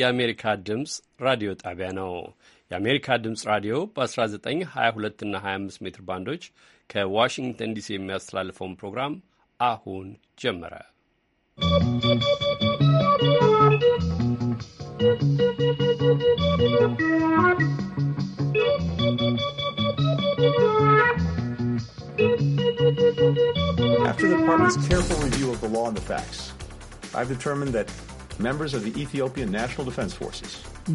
የአሜሪካ ድምፅ ራዲዮ ጣቢያ ነው። የአሜሪካ ድምፅ ራዲዮ በ1922 እና 25 ሜትር ባንዶች ከዋሽንግተን ዲሲ የሚያስተላልፈውን ፕሮግራም አሁን ጀመረ። After the department's careful review of the law and the facts, I've determined that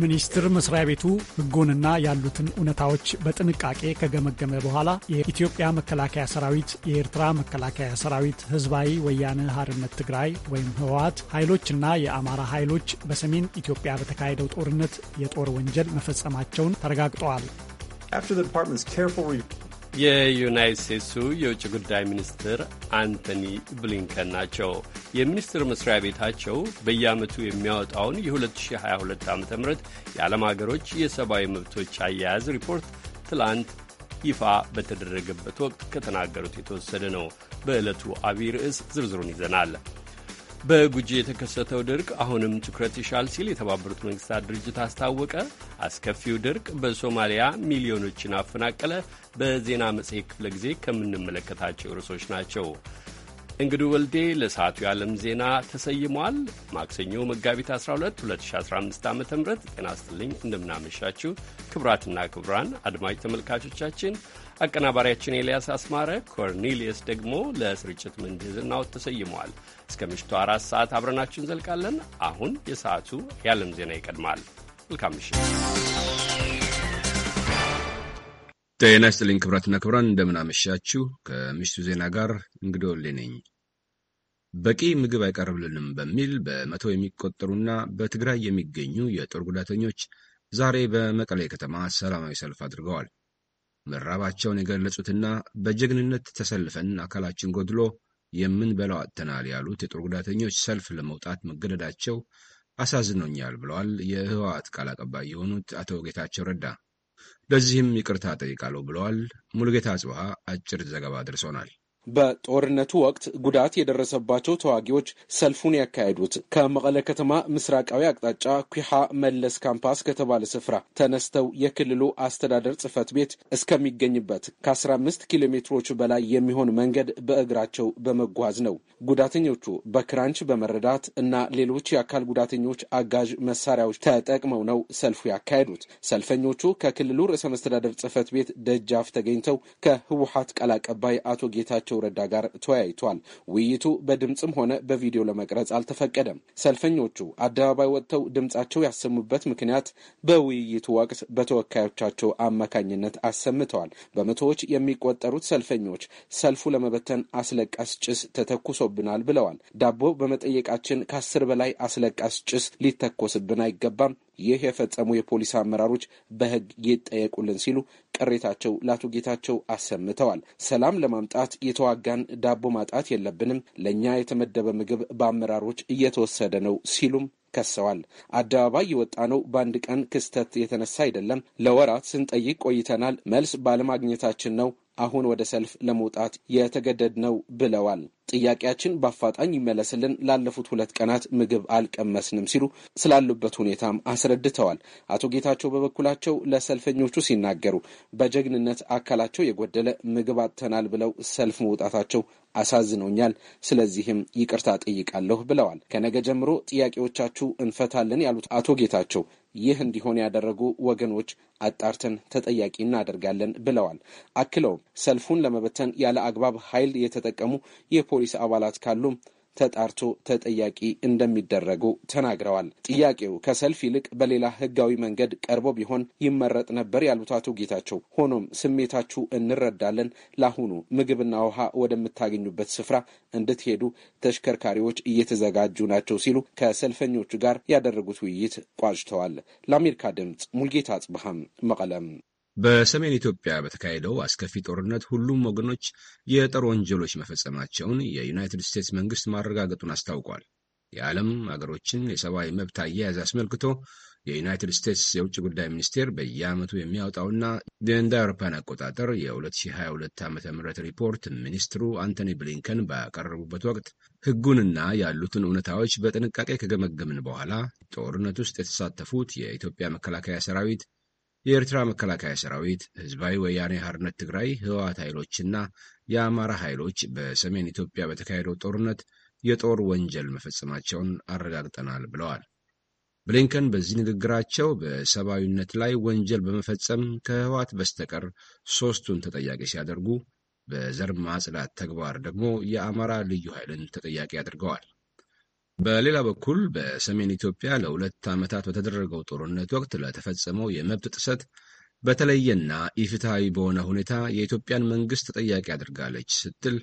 ሚኒስቴር መስሪያ ቤቱ ሕጉንና ያሉትን እውነታዎች በጥንቃቄ ከገመገመ በኋላ የኢትዮጵያ መከላከያ ሰራዊት፣ የኤርትራ መከላከያ ሰራዊት፣ ህዝባዊ ወያነ ሀርነት ትግራይ ወይም ህወሓት ኃይሎችና የአማራ ኃይሎች በሰሜን ኢትዮጵያ በተካሄደው ጦርነት የጦር ወንጀል መፈጸማቸውን ተረጋግጠዋል። የዩናይት ስቴትሱ የውጭ ጉዳይ ሚኒስትር አንቶኒ ብሊንከን ናቸው። የሚኒስትር መስሪያ ቤታቸው በየዓመቱ የሚያወጣውን የ2022 ዓ ም የዓለም አገሮች የሰብአዊ መብቶች አያያዝ ሪፖርት ትላንት ይፋ በተደረገበት ወቅት ከተናገሩት የተወሰደ ነው። በዕለቱ አብይ ርዕስ ዝርዝሩን ይዘናል። በጉጂ የተከሰተው ድርቅ አሁንም ትኩረት ይሻል ሲል የተባበሩት መንግስታት ድርጅት አስታወቀ። አስከፊው ድርቅ በሶማሊያ ሚሊዮኖችን አፈናቀለ። በዜና መጽሔት ክፍለ ጊዜ ከምንመለከታቸው ርዕሶች ናቸው። እንግዲህ ወልዴ ለሰዓቱ የዓለም ዜና ተሰይሟል። ማክሰኞ መጋቢት 12 2015 ዓ ም ጤና ይስጥልኝ። እንደምናመሻችሁ ክቡራትና ክቡራን አድማጭ ተመልካቾቻችን አቀናባሪያችን ኤልያስ አስማረ፣ ኮርኔሊየስ ደግሞ ለስርጭት ምህንድስናው ተሰይመዋል። እስከ ምሽቱ አራት ሰዓት አብረናችሁ እንዘልቃለን። አሁን የሰዓቱ የዓለም ዜና ይቀድማል። መልካም ምሽት። ጤና ይስጥልኝ ክብራትና ክብራን፣ እንደምናመሻችሁ። ከምሽቱ ዜና ጋር እንግዶ ነኝ። በቂ ምግብ አይቀርብልንም በሚል በመቶ የሚቆጠሩና በትግራይ የሚገኙ የጦር ጉዳተኞች ዛሬ በመቀሌ ከተማ ሰላማዊ ሰልፍ አድርገዋል። መራባቸውን የገለጹትና በጀግንነት ተሰልፈን አካላችን ጎድሎ የምንበላው አጥተናል ያሉት የጦር ጉዳተኞች ሰልፍ ለመውጣት መገደዳቸው አሳዝኖኛል ብለዋል የህወሓት ቃል አቀባይ የሆኑት አቶ ጌታቸው ረዳ። ለዚህም ይቅርታ ጠይቃለሁ ብለዋል። ሙሉጌታ አጽብሃ አጭር ዘገባ ደርሶናል። በጦርነቱ ወቅት ጉዳት የደረሰባቸው ተዋጊዎች ሰልፉን ያካሄዱት ከመቀለ ከተማ ምስራቃዊ አቅጣጫ ኩሓ መለስ ካምፓስ ከተባለ ስፍራ ተነስተው የክልሉ አስተዳደር ጽህፈት ቤት እስከሚገኝበት ከ15 ኪሎ ሜትሮች በላይ የሚሆን መንገድ በእግራቸው በመጓዝ ነው። ጉዳተኞቹ በክራንች በመረዳት እና ሌሎች የአካል ጉዳተኞች አጋዥ መሳሪያዎች ተጠቅመው ነው ሰልፉ ያካሄዱት። ሰልፈኞቹ ከክልሉ ርዕሰ መስተዳደር ጽሕፈት ቤት ደጃፍ ተገኝተው ከህወሀት ቃል አቀባይ አቶ ጌታቸው ጌታቸው ረዳ ጋር ተወያይቷል። ውይይቱ በድምፅም ሆነ በቪዲዮ ለመቅረጽ አልተፈቀደም። ሰልፈኞቹ አደባባይ ወጥተው ድምፃቸው ያሰሙበት ምክንያት በውይይቱ ወቅት በተወካዮቻቸው አማካኝነት አሰምተዋል። በመቶዎች የሚቆጠሩት ሰልፈኞች ሰልፉ ለመበተን አስለቃስ ጭስ ተተኩሶብናል ብለዋል። ዳቦ በመጠየቃችን ከአስር በላይ አስለቃስ ጭስ ሊተኮስብን አይገባም ይህ የፈጸሙ የፖሊስ አመራሮች በህግ ይጠየቁልን ሲሉ ቅሬታቸው ለአቶ ጌታቸው አሰምተዋል። ሰላም ለማምጣት የተዋጋን ዳቦ ማጣት የለብንም፣ ለእኛ የተመደበ ምግብ በአመራሮች እየተወሰደ ነው ሲሉም ከሰዋል። አደባባይ የወጣ ነው በአንድ ቀን ክስተት የተነሳ አይደለም፣ ለወራት ስንጠይቅ ቆይተናል፣ መልስ ባለማግኘታችን ነው አሁን ወደ ሰልፍ ለመውጣት የተገደድ ነው ብለዋል። ጥያቄያችን በአፋጣኝ ይመለስልን፣ ላለፉት ሁለት ቀናት ምግብ አልቀመስንም ሲሉ ስላሉበት ሁኔታም አስረድተዋል። አቶ ጌታቸው በበኩላቸው ለሰልፈኞቹ ሲናገሩ በጀግንነት አካላቸው የጎደለ ምግብ አጥተናል ብለው ሰልፍ መውጣታቸው አሳዝኖኛል። ስለዚህም ይቅርታ ጠይቃለሁ ብለዋል። ከነገ ጀምሮ ጥያቄዎቻችሁ እንፈታለን ያሉት አቶ ጌታቸው ይህ እንዲሆን ያደረጉ ወገኖች አጣርተን ተጠያቂ እናደርጋለን ብለዋል። አክለውም ሰልፉን ለመበተን ያለ አግባብ ኃይል የተጠቀሙ የፖሊስ አባላት ካሉም ተጣርቶ ተጠያቂ እንደሚደረጉ ተናግረዋል። ጥያቄው ከሰልፍ ይልቅ በሌላ ህጋዊ መንገድ ቀርቦ ቢሆን ይመረጥ ነበር ያሉት አቶ ጌታቸው፣ ሆኖም ስሜታችሁ እንረዳለን፣ ለአሁኑ ምግብና ውሃ ወደምታገኙበት ስፍራ እንድትሄዱ ተሽከርካሪዎች እየተዘጋጁ ናቸው ሲሉ ከሰልፈኞቹ ጋር ያደረጉት ውይይት ቋጭተዋል። ለአሜሪካ ድምፅ ሙልጌታ አጽብሃም መቀለም በሰሜን ኢትዮጵያ በተካሄደው አስከፊ ጦርነት ሁሉም ወገኖች የጦር ወንጀሎች መፈጸማቸውን የዩናይትድ ስቴትስ መንግስት ማረጋገጡን አስታውቋል። የዓለም አገሮችን የሰብአዊ መብት አያያዝ አስመልክቶ የዩናይትድ ስቴትስ የውጭ ጉዳይ ሚኒስቴር በየዓመቱ የሚያወጣውና እንደ አውሮፓን አቆጣጠር የ2022 ዓ ም ሪፖርት ሚኒስትሩ አንቶኒ ብሊንከን ባቀረቡበት ወቅት ሕጉንና ያሉትን እውነታዎች በጥንቃቄ ከገመገምን በኋላ ጦርነት ውስጥ የተሳተፉት የኢትዮጵያ መከላከያ ሰራዊት የኤርትራ መከላከያ ሰራዊት፣ ህዝባዊ ወያኔ ሐርነት ትግራይ ህወሓት ኃይሎችና የአማራ ኃይሎች በሰሜን ኢትዮጵያ በተካሄደው ጦርነት የጦር ወንጀል መፈጸማቸውን አረጋግጠናል ብለዋል። ብሊንከን በዚህ ንግግራቸው በሰብአዊነት ላይ ወንጀል በመፈጸም ከህወሓት በስተቀር ሦስቱን ተጠያቂ ሲያደርጉ፣ በዘር ማጽዳት ተግባር ደግሞ የአማራ ልዩ ኃይልን ተጠያቂ አድርገዋል። በሌላ በኩል በሰሜን ኢትዮጵያ ለሁለት ዓመታት በተደረገው ጦርነት ወቅት ለተፈጸመው የመብት ጥሰት በተለየና ኢፍትሐዊ በሆነ ሁኔታ የኢትዮጵያን መንግሥት ተጠያቂ አድርጋለች ስትል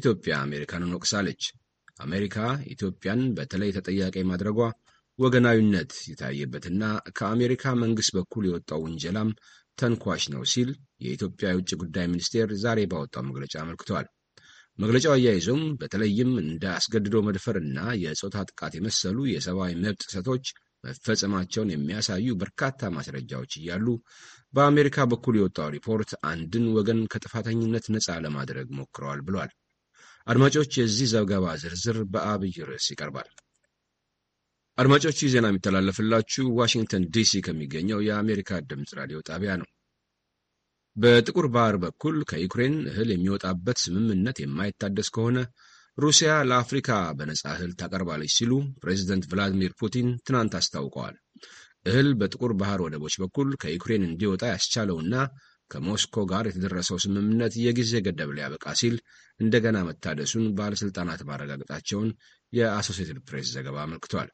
ኢትዮጵያ አሜሪካንን ወቅሳለች። አሜሪካ ኢትዮጵያን በተለይ ተጠያቂ ማድረጓ ወገናዊነት የታየበትና ከአሜሪካ መንግሥት በኩል የወጣው ውንጀላም ተንኳሽ ነው ሲል የኢትዮጵያ የውጭ ጉዳይ ሚኒስቴር ዛሬ ባወጣው መግለጫ አመልክቷል። መግለጫው አያይዞም በተለይም እንደ አስገድዶ መድፈር እና የጾታ ጥቃት የመሰሉ የሰብአዊ መብት ጥሰቶች መፈጸማቸውን የሚያሳዩ በርካታ ማስረጃዎች እያሉ በአሜሪካ በኩል የወጣው ሪፖርት አንድን ወገን ከጥፋተኝነት ነፃ ለማድረግ ሞክረዋል ብሏል። አድማጮች፣ የዚህ ዘገባ ዝርዝር በአብይ ርዕስ ይቀርባል። አድማጮቹ ዜና የሚተላለፍላችሁ ዋሽንግተን ዲሲ ከሚገኘው የአሜሪካ ድምፅ ራዲዮ ጣቢያ ነው። በጥቁር ባህር በኩል ከዩክሬን እህል የሚወጣበት ስምምነት የማይታደስ ከሆነ ሩሲያ ለአፍሪካ በነጻ እህል ታቀርባለች ሲሉ ፕሬዚደንት ቭላዲሚር ፑቲን ትናንት አስታውቀዋል። እህል በጥቁር ባህር ወደቦች በኩል ከዩክሬን እንዲወጣ ያስቻለውና ከሞስኮ ጋር የተደረሰው ስምምነት የጊዜ ገደብ ሊያበቃ ሲል እንደገና መታደሱን ባለሥልጣናት ማረጋገጣቸውን የአሶሴትድ ፕሬስ ዘገባ አመልክቷል።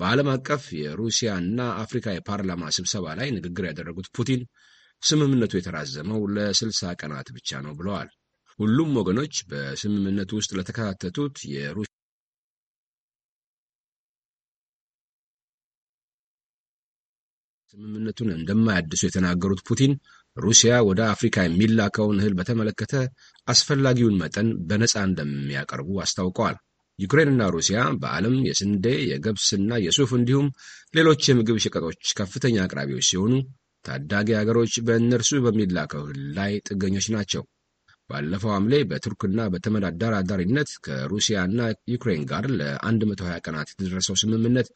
በዓለም አቀፍ የሩሲያና አፍሪካ የፓርላማ ስብሰባ ላይ ንግግር ያደረጉት ፑቲን ስምምነቱ የተራዘመው ለስልሳ ቀናት ብቻ ነው ብለዋል። ሁሉም ወገኖች በስምምነቱ ውስጥ ለተካተቱት የሩ ስምምነቱን እንደማያድሱ የተናገሩት ፑቲን ሩሲያ ወደ አፍሪካ የሚላከውን እህል በተመለከተ አስፈላጊውን መጠን በነፃ እንደሚያቀርቡ አስታውቀዋል። ዩክሬንና ሩሲያ በዓለም የስንዴ የገብስና የሱፍ እንዲሁም ሌሎች የምግብ ሸቀጦች ከፍተኛ አቅራቢዎች ሲሆኑ ታዳጊ አገሮች በእነርሱ በሚላከው ላይ ጥገኞች ናቸው። ባለፈው ሐምሌ በቱርክና በተመድ አደራዳሪነት ከሩሲያና ዩክሬን ጋር ለ120 ቀናት የተደረሰው ስምምነት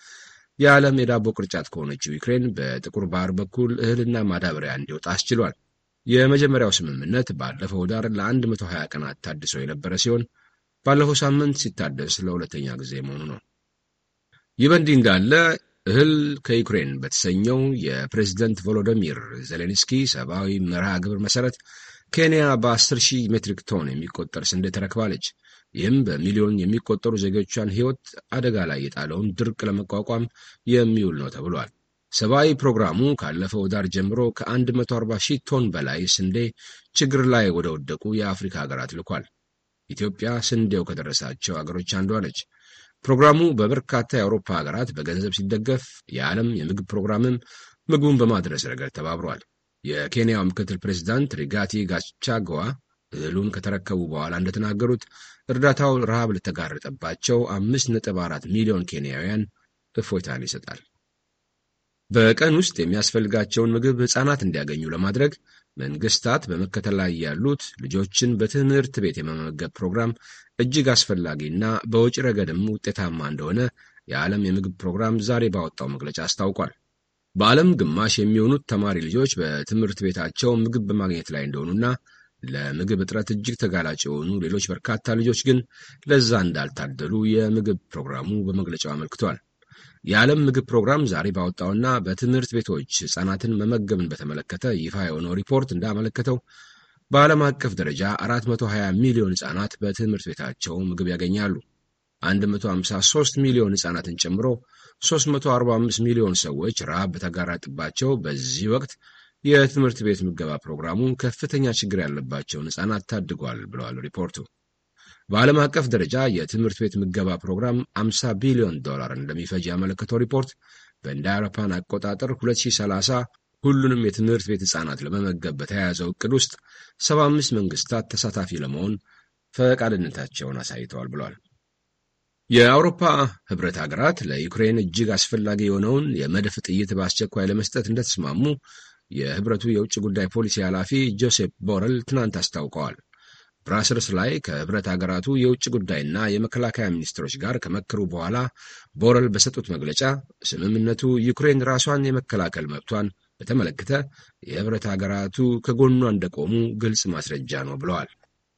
የዓለም የዳቦ ቅርጫት ከሆነችው ዩክሬን በጥቁር ባህር በኩል እህልና ማዳበሪያ እንዲወጣ አስችሏል። የመጀመሪያው ስምምነት ባለፈው ዳር ለ120 ቀናት ታድሶ የነበረ ሲሆን ባለፈው ሳምንት ሲታደስ ለሁለተኛ ጊዜ መሆኑ ነው። ይህ በእንዲህ እንዳለ እህል ከዩክሬን በተሰኘው የፕሬዝደንት ቮሎዶሚር ዜሌንስኪ ሰብአዊ መርሃ ግብር መሠረት ኬንያ በ10 ሺህ ሜትሪክ ቶን የሚቆጠር ስንዴ ተረክባለች። ይህም በሚሊዮን የሚቆጠሩ ዜጎቿን ሕይወት አደጋ ላይ የጣለውን ድርቅ ለመቋቋም የሚውል ነው ተብሏል። ሰብአዊ ፕሮግራሙ ካለፈው ዳር ጀምሮ ከ140 ሺህ ቶን በላይ ስንዴ ችግር ላይ ወደ ወደቁ የአፍሪካ ሀገራት ልኳል። ኢትዮጵያ ስንዴው ከደረሳቸው አገሮች አንዷ ነች። ፕሮግራሙ በበርካታ የአውሮፓ ሀገራት በገንዘብ ሲደገፍ የዓለም የምግብ ፕሮግራምም ምግቡን በማድረስ ረገድ ተባብሯል። የኬንያው ምክትል ፕሬዚዳንት ሪጋቲ ጋቻጎዋ እህሉን ከተረከቡ በኋላ እንደተናገሩት እርዳታው ረሃብ ለተጋረጠባቸው 5.4 ሚሊዮን ኬንያውያን እፎይታን ይሰጣል። በቀን ውስጥ የሚያስፈልጋቸውን ምግብ ሕፃናት እንዲያገኙ ለማድረግ መንግስታት በመከተል ላይ ያሉት ልጆችን በትምህርት ቤት የመመገብ ፕሮግራም እጅግ አስፈላጊና በውጭ ረገድም ውጤታማ እንደሆነ የዓለም የምግብ ፕሮግራም ዛሬ ባወጣው መግለጫ አስታውቋል። በዓለም ግማሽ የሚሆኑት ተማሪ ልጆች በትምህርት ቤታቸው ምግብ በማግኘት ላይ እንደሆኑና ለምግብ እጥረት እጅግ ተጋላጭ የሆኑ ሌሎች በርካታ ልጆች ግን ለዛ እንዳልታደሉ የምግብ ፕሮግራሙ በመግለጫው አመልክቷል። የዓለም ምግብ ፕሮግራም ዛሬ ባወጣውና በትምህርት ቤቶች ሕፃናትን መመገብን በተመለከተ ይፋ የሆነው ሪፖርት እንዳመለከተው በዓለም አቀፍ ደረጃ 420 ሚሊዮን ሕፃናት በትምህርት ቤታቸው ምግብ ያገኛሉ። 153 ሚሊዮን ሕፃናትን ጨምሮ 345 ሚሊዮን ሰዎች ረሃብ በተጋራጥባቸው በዚህ ወቅት የትምህርት ቤት ምገባ ፕሮግራሙ ከፍተኛ ችግር ያለባቸውን ሕፃናት ታድጓል ብለዋል ሪፖርቱ። በዓለም አቀፍ ደረጃ የትምህርት ቤት ምገባ ፕሮግራም 50 ቢሊዮን ዶላር እንደሚፈጅ ያመለከተው ሪፖርት በእንደ አውሮፓን አቆጣጠር 2030 ሁሉንም የትምህርት ቤት ሕፃናት ለመመገብ በተያያዘው እቅድ ውስጥ ሰባ አምስት መንግስታት ተሳታፊ ለመሆን ፈቃድነታቸውን አሳይተዋል ብሏል። የአውሮፓ ህብረት ሀገራት ለዩክሬን እጅግ አስፈላጊ የሆነውን የመድፍ ጥይት በአስቸኳይ ለመስጠት እንደተስማሙ የህብረቱ የውጭ ጉዳይ ፖሊሲ ኃላፊ ጆሴፕ ቦረል ትናንት አስታውቀዋል። ብራስልስ ላይ ከህብረት ሀገራቱ የውጭ ጉዳይና የመከላከያ ሚኒስትሮች ጋር ከመከሩ በኋላ ቦረል በሰጡት መግለጫ ስምምነቱ ዩክሬን ራሷን የመከላከል መብቷን በተመለከተ የህብረት ሀገራቱ ከጎኗ እንደቆሙ ግልጽ ማስረጃ ነው ብለዋል።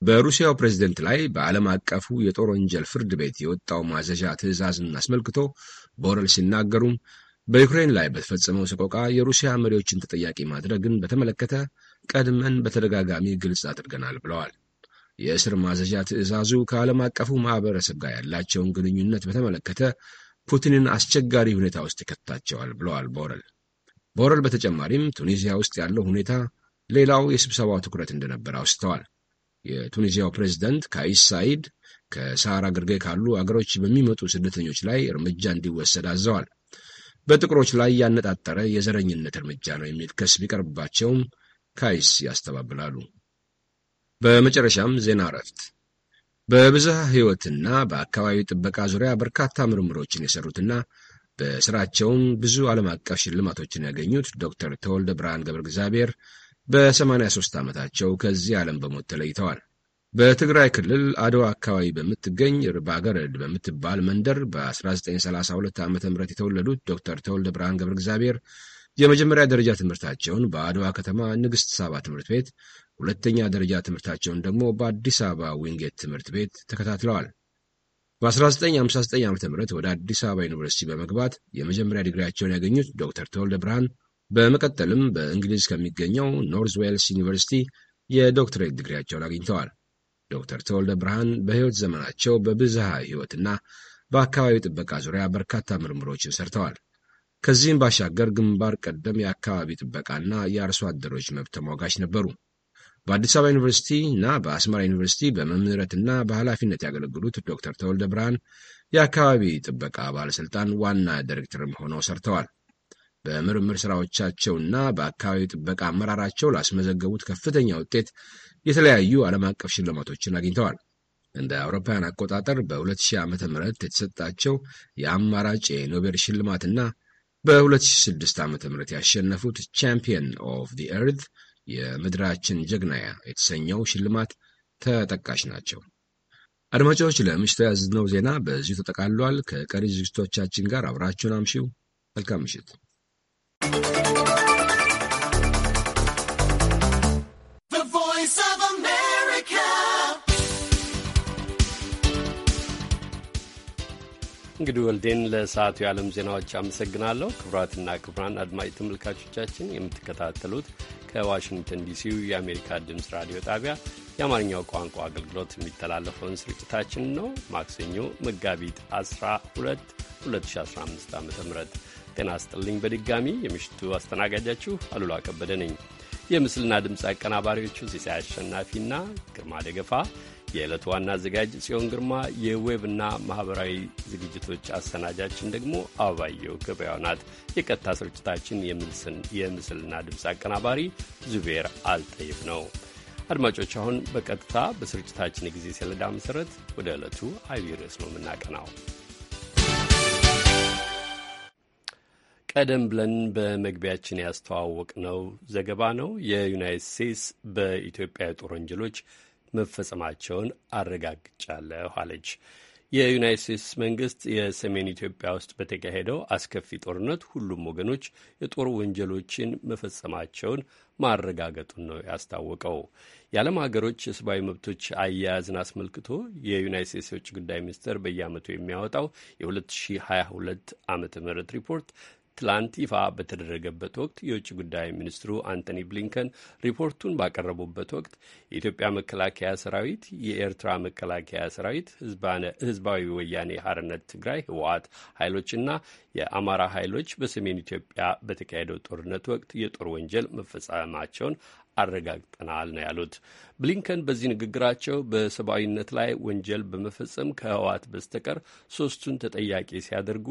በሩሲያው ፕሬዝደንት ላይ በዓለም አቀፉ የጦር ወንጀል ፍርድ ቤት የወጣው ማዘዣ ትዕዛዝን አስመልክቶ ቦረል ሲናገሩም በዩክሬን ላይ በተፈጸመው ሰቆቃ የሩሲያ መሪዎችን ተጠያቂ ማድረግን በተመለከተ ቀድመን በተደጋጋሚ ግልጽ አድርገናል ብለዋል። የእስር ማዘዣ ትዕዛዙ ከዓለም አቀፉ ማኅበረሰብ ጋር ያላቸውን ግንኙነት በተመለከተ ፑቲንን አስቸጋሪ ሁኔታ ውስጥ ይከታቸዋል ብለዋል ቦረል። በወረል በተጨማሪም ቱኒዚያ ውስጥ ያለው ሁኔታ ሌላው የስብሰባው ትኩረት እንደነበር አውስተዋል። የቱኒዚያው ፕሬዝደንት ካይስ ሳይድ ከሰሃራ ግርጌ ካሉ አገሮች በሚመጡ ስደተኞች ላይ እርምጃ እንዲወሰድ አዘዋል። በጥቁሮች ላይ ያነጣጠረ የዘረኝነት እርምጃ ነው የሚል ክስ ቢቀርብባቸውም ካይስ ያስተባብላሉ። በመጨረሻም ዜና እረፍት። በብዝሃ ሕይወትና በአካባቢ ጥበቃ ዙሪያ በርካታ ምርምሮችን የሰሩትና በስራቸውም ብዙ ዓለም አቀፍ ሽልማቶችን ያገኙት ዶክተር ተወልደ ብርሃን ገብረ እግዚአብሔር በ83 ዓመታቸው ከዚህ ዓለም በሞት ተለይተዋል። በትግራይ ክልል አድዋ አካባቢ በምትገኝ ርባገረድ በምትባል መንደር በ1932 ዓ ም የተወለዱት ዶክተር ተወልደ ብርሃን ገብረ እግዚአብሔር የመጀመሪያ ደረጃ ትምህርታቸውን በአድዋ ከተማ ንግሥት ሳባ ትምህርት ቤት፣ ሁለተኛ ደረጃ ትምህርታቸውን ደግሞ በአዲስ አበባ ዊንጌት ትምህርት ቤት ተከታትለዋል። በ1959 ዓ ም ወደ አዲስ አበባ ዩኒቨርሲቲ በመግባት የመጀመሪያ ዲግሪያቸውን ያገኙት ዶክተር ተወልደ ብርሃን በመቀጠልም በእንግሊዝ ከሚገኘው ኖርዝ ዌልስ ዩኒቨርሲቲ የዶክትሬት ዲግሪያቸውን አግኝተዋል። ዶክተር ተወልደ ብርሃን በሕይወት ዘመናቸው በብዝሃ ሕይወትና በአካባቢ ጥበቃ ዙሪያ በርካታ ምርምሮችን ሰርተዋል። ከዚህም ባሻገር ግንባር ቀደም የአካባቢ ጥበቃና የአርሶ አደሮች መብት ተሟጋች ነበሩ። በአዲስ አበባ ዩኒቨርሲቲ እና በአስመራ ዩኒቨርሲቲ በመምህረትና በኃላፊነት ያገለግሉት ዶክተር ተወልደ ብርሃን የአካባቢ ጥበቃ ባለሥልጣን ዋና ዳይሬክተርም ሆነው ሰርተዋል። በምርምር ሥራዎቻቸውና በአካባቢ ጥበቃ አመራራቸው ላስመዘገቡት ከፍተኛ ውጤት የተለያዩ ዓለም አቀፍ ሽልማቶችን አግኝተዋል። እንደ አውሮፓውያን አቆጣጠር በ2000 ዓ ም የተሰጣቸው የአማራጭ የኖቤል ሽልማትና በ2006 ዓ ም ያሸነፉት ቻምፒየን ኦፍ ዲ ኤርት የምድራችን ጀግናያ የተሰኘው ሽልማት ተጠቃሽ ናቸው። አድማጮች፣ ለምሽቱ ያዝነው ዜና በዚሁ ተጠቃሏል። ከቀሪ ዝግጅቶቻችን ጋር አብራችሁን አምሺው። መልካም ምሽት። እንግዲህ ወልዴን ለሰዓቱ የዓለም ዜናዎች አመሰግናለሁ። ክቡራትና ክቡራን አድማጭ ተመልካቾቻችን የምትከታተሉት ከዋሽንግተን ዲሲው የአሜሪካ ድምፅ ራዲዮ ጣቢያ የአማርኛው ቋንቋ አገልግሎት የሚተላለፈውን ስርጭታችን ነው። ማክሰኞ መጋቢት 12 2015 ዓ ም ጤና ይስጥልኝ። በድጋሚ የምሽቱ አስተናጋጃችሁ አሉላ ከበደ ነኝ። የምስልና ድምፅ አቀናባሪዎቹ ሲሳይ አሸናፊና ግርማ ደገፋ የዕለቱ ዋና አዘጋጅ ጽዮን ግርማ፣ የዌብና ማኅበራዊ ዝግጅቶች አሰናጃችን ደግሞ አበባየው ገበያው ናት። የቀጥታ ስርጭታችን የምስልና ድምፅ አቀናባሪ ዙቤር አልጠይብ ነው። አድማጮች፣ አሁን በቀጥታ በስርጭታችን የጊዜ ሰሌዳ መሠረት ወደ ዕለቱ አብይ ርዕስ ነው የምናቀናው። ቀደም ብለን በመግቢያችን ያስተዋወቅነው ዘገባ ነው። የዩናይትድ ስቴትስ በኢትዮጵያ የጦር ወንጀሎች መፈጸማቸውን አረጋግጫለሁ አለች። የዩናይት ስቴትስ መንግስት የሰሜን ኢትዮጵያ ውስጥ በተካሄደው አስከፊ ጦርነት ሁሉም ወገኖች የጦር ወንጀሎችን መፈጸማቸውን ማረጋገጡን ነው ያስታወቀው። የዓለም ሀገሮች የሰብአዊ መብቶች አያያዝን አስመልክቶ የዩናይት ስቴትስ የውጭ ጉዳይ ሚኒስቴር በየዓመቱ የሚያወጣው የ2022 ዓ ም ሪፖርት ትላንት ይፋ በተደረገበት ወቅት የውጭ ጉዳይ ሚኒስትሩ አንቶኒ ብሊንከን ሪፖርቱን ባቀረቡበት ወቅት የኢትዮጵያ መከላከያ ሰራዊት፣ የኤርትራ መከላከያ ሰራዊት፣ ህዝባዊ ወያኔ ሀርነት ትግራይ ህወሓት ኃይሎችና የአማራ ኃይሎች በሰሜን ኢትዮጵያ በተካሄደው ጦርነት ወቅት የጦር ወንጀል መፈጸማቸውን አረጋግጠናል ነው ያሉት። ብሊንከን በዚህ ንግግራቸው በሰብአዊነት ላይ ወንጀል በመፈጸም ከህወሓት በስተቀር ሶስቱን ተጠያቂ ሲያደርጉ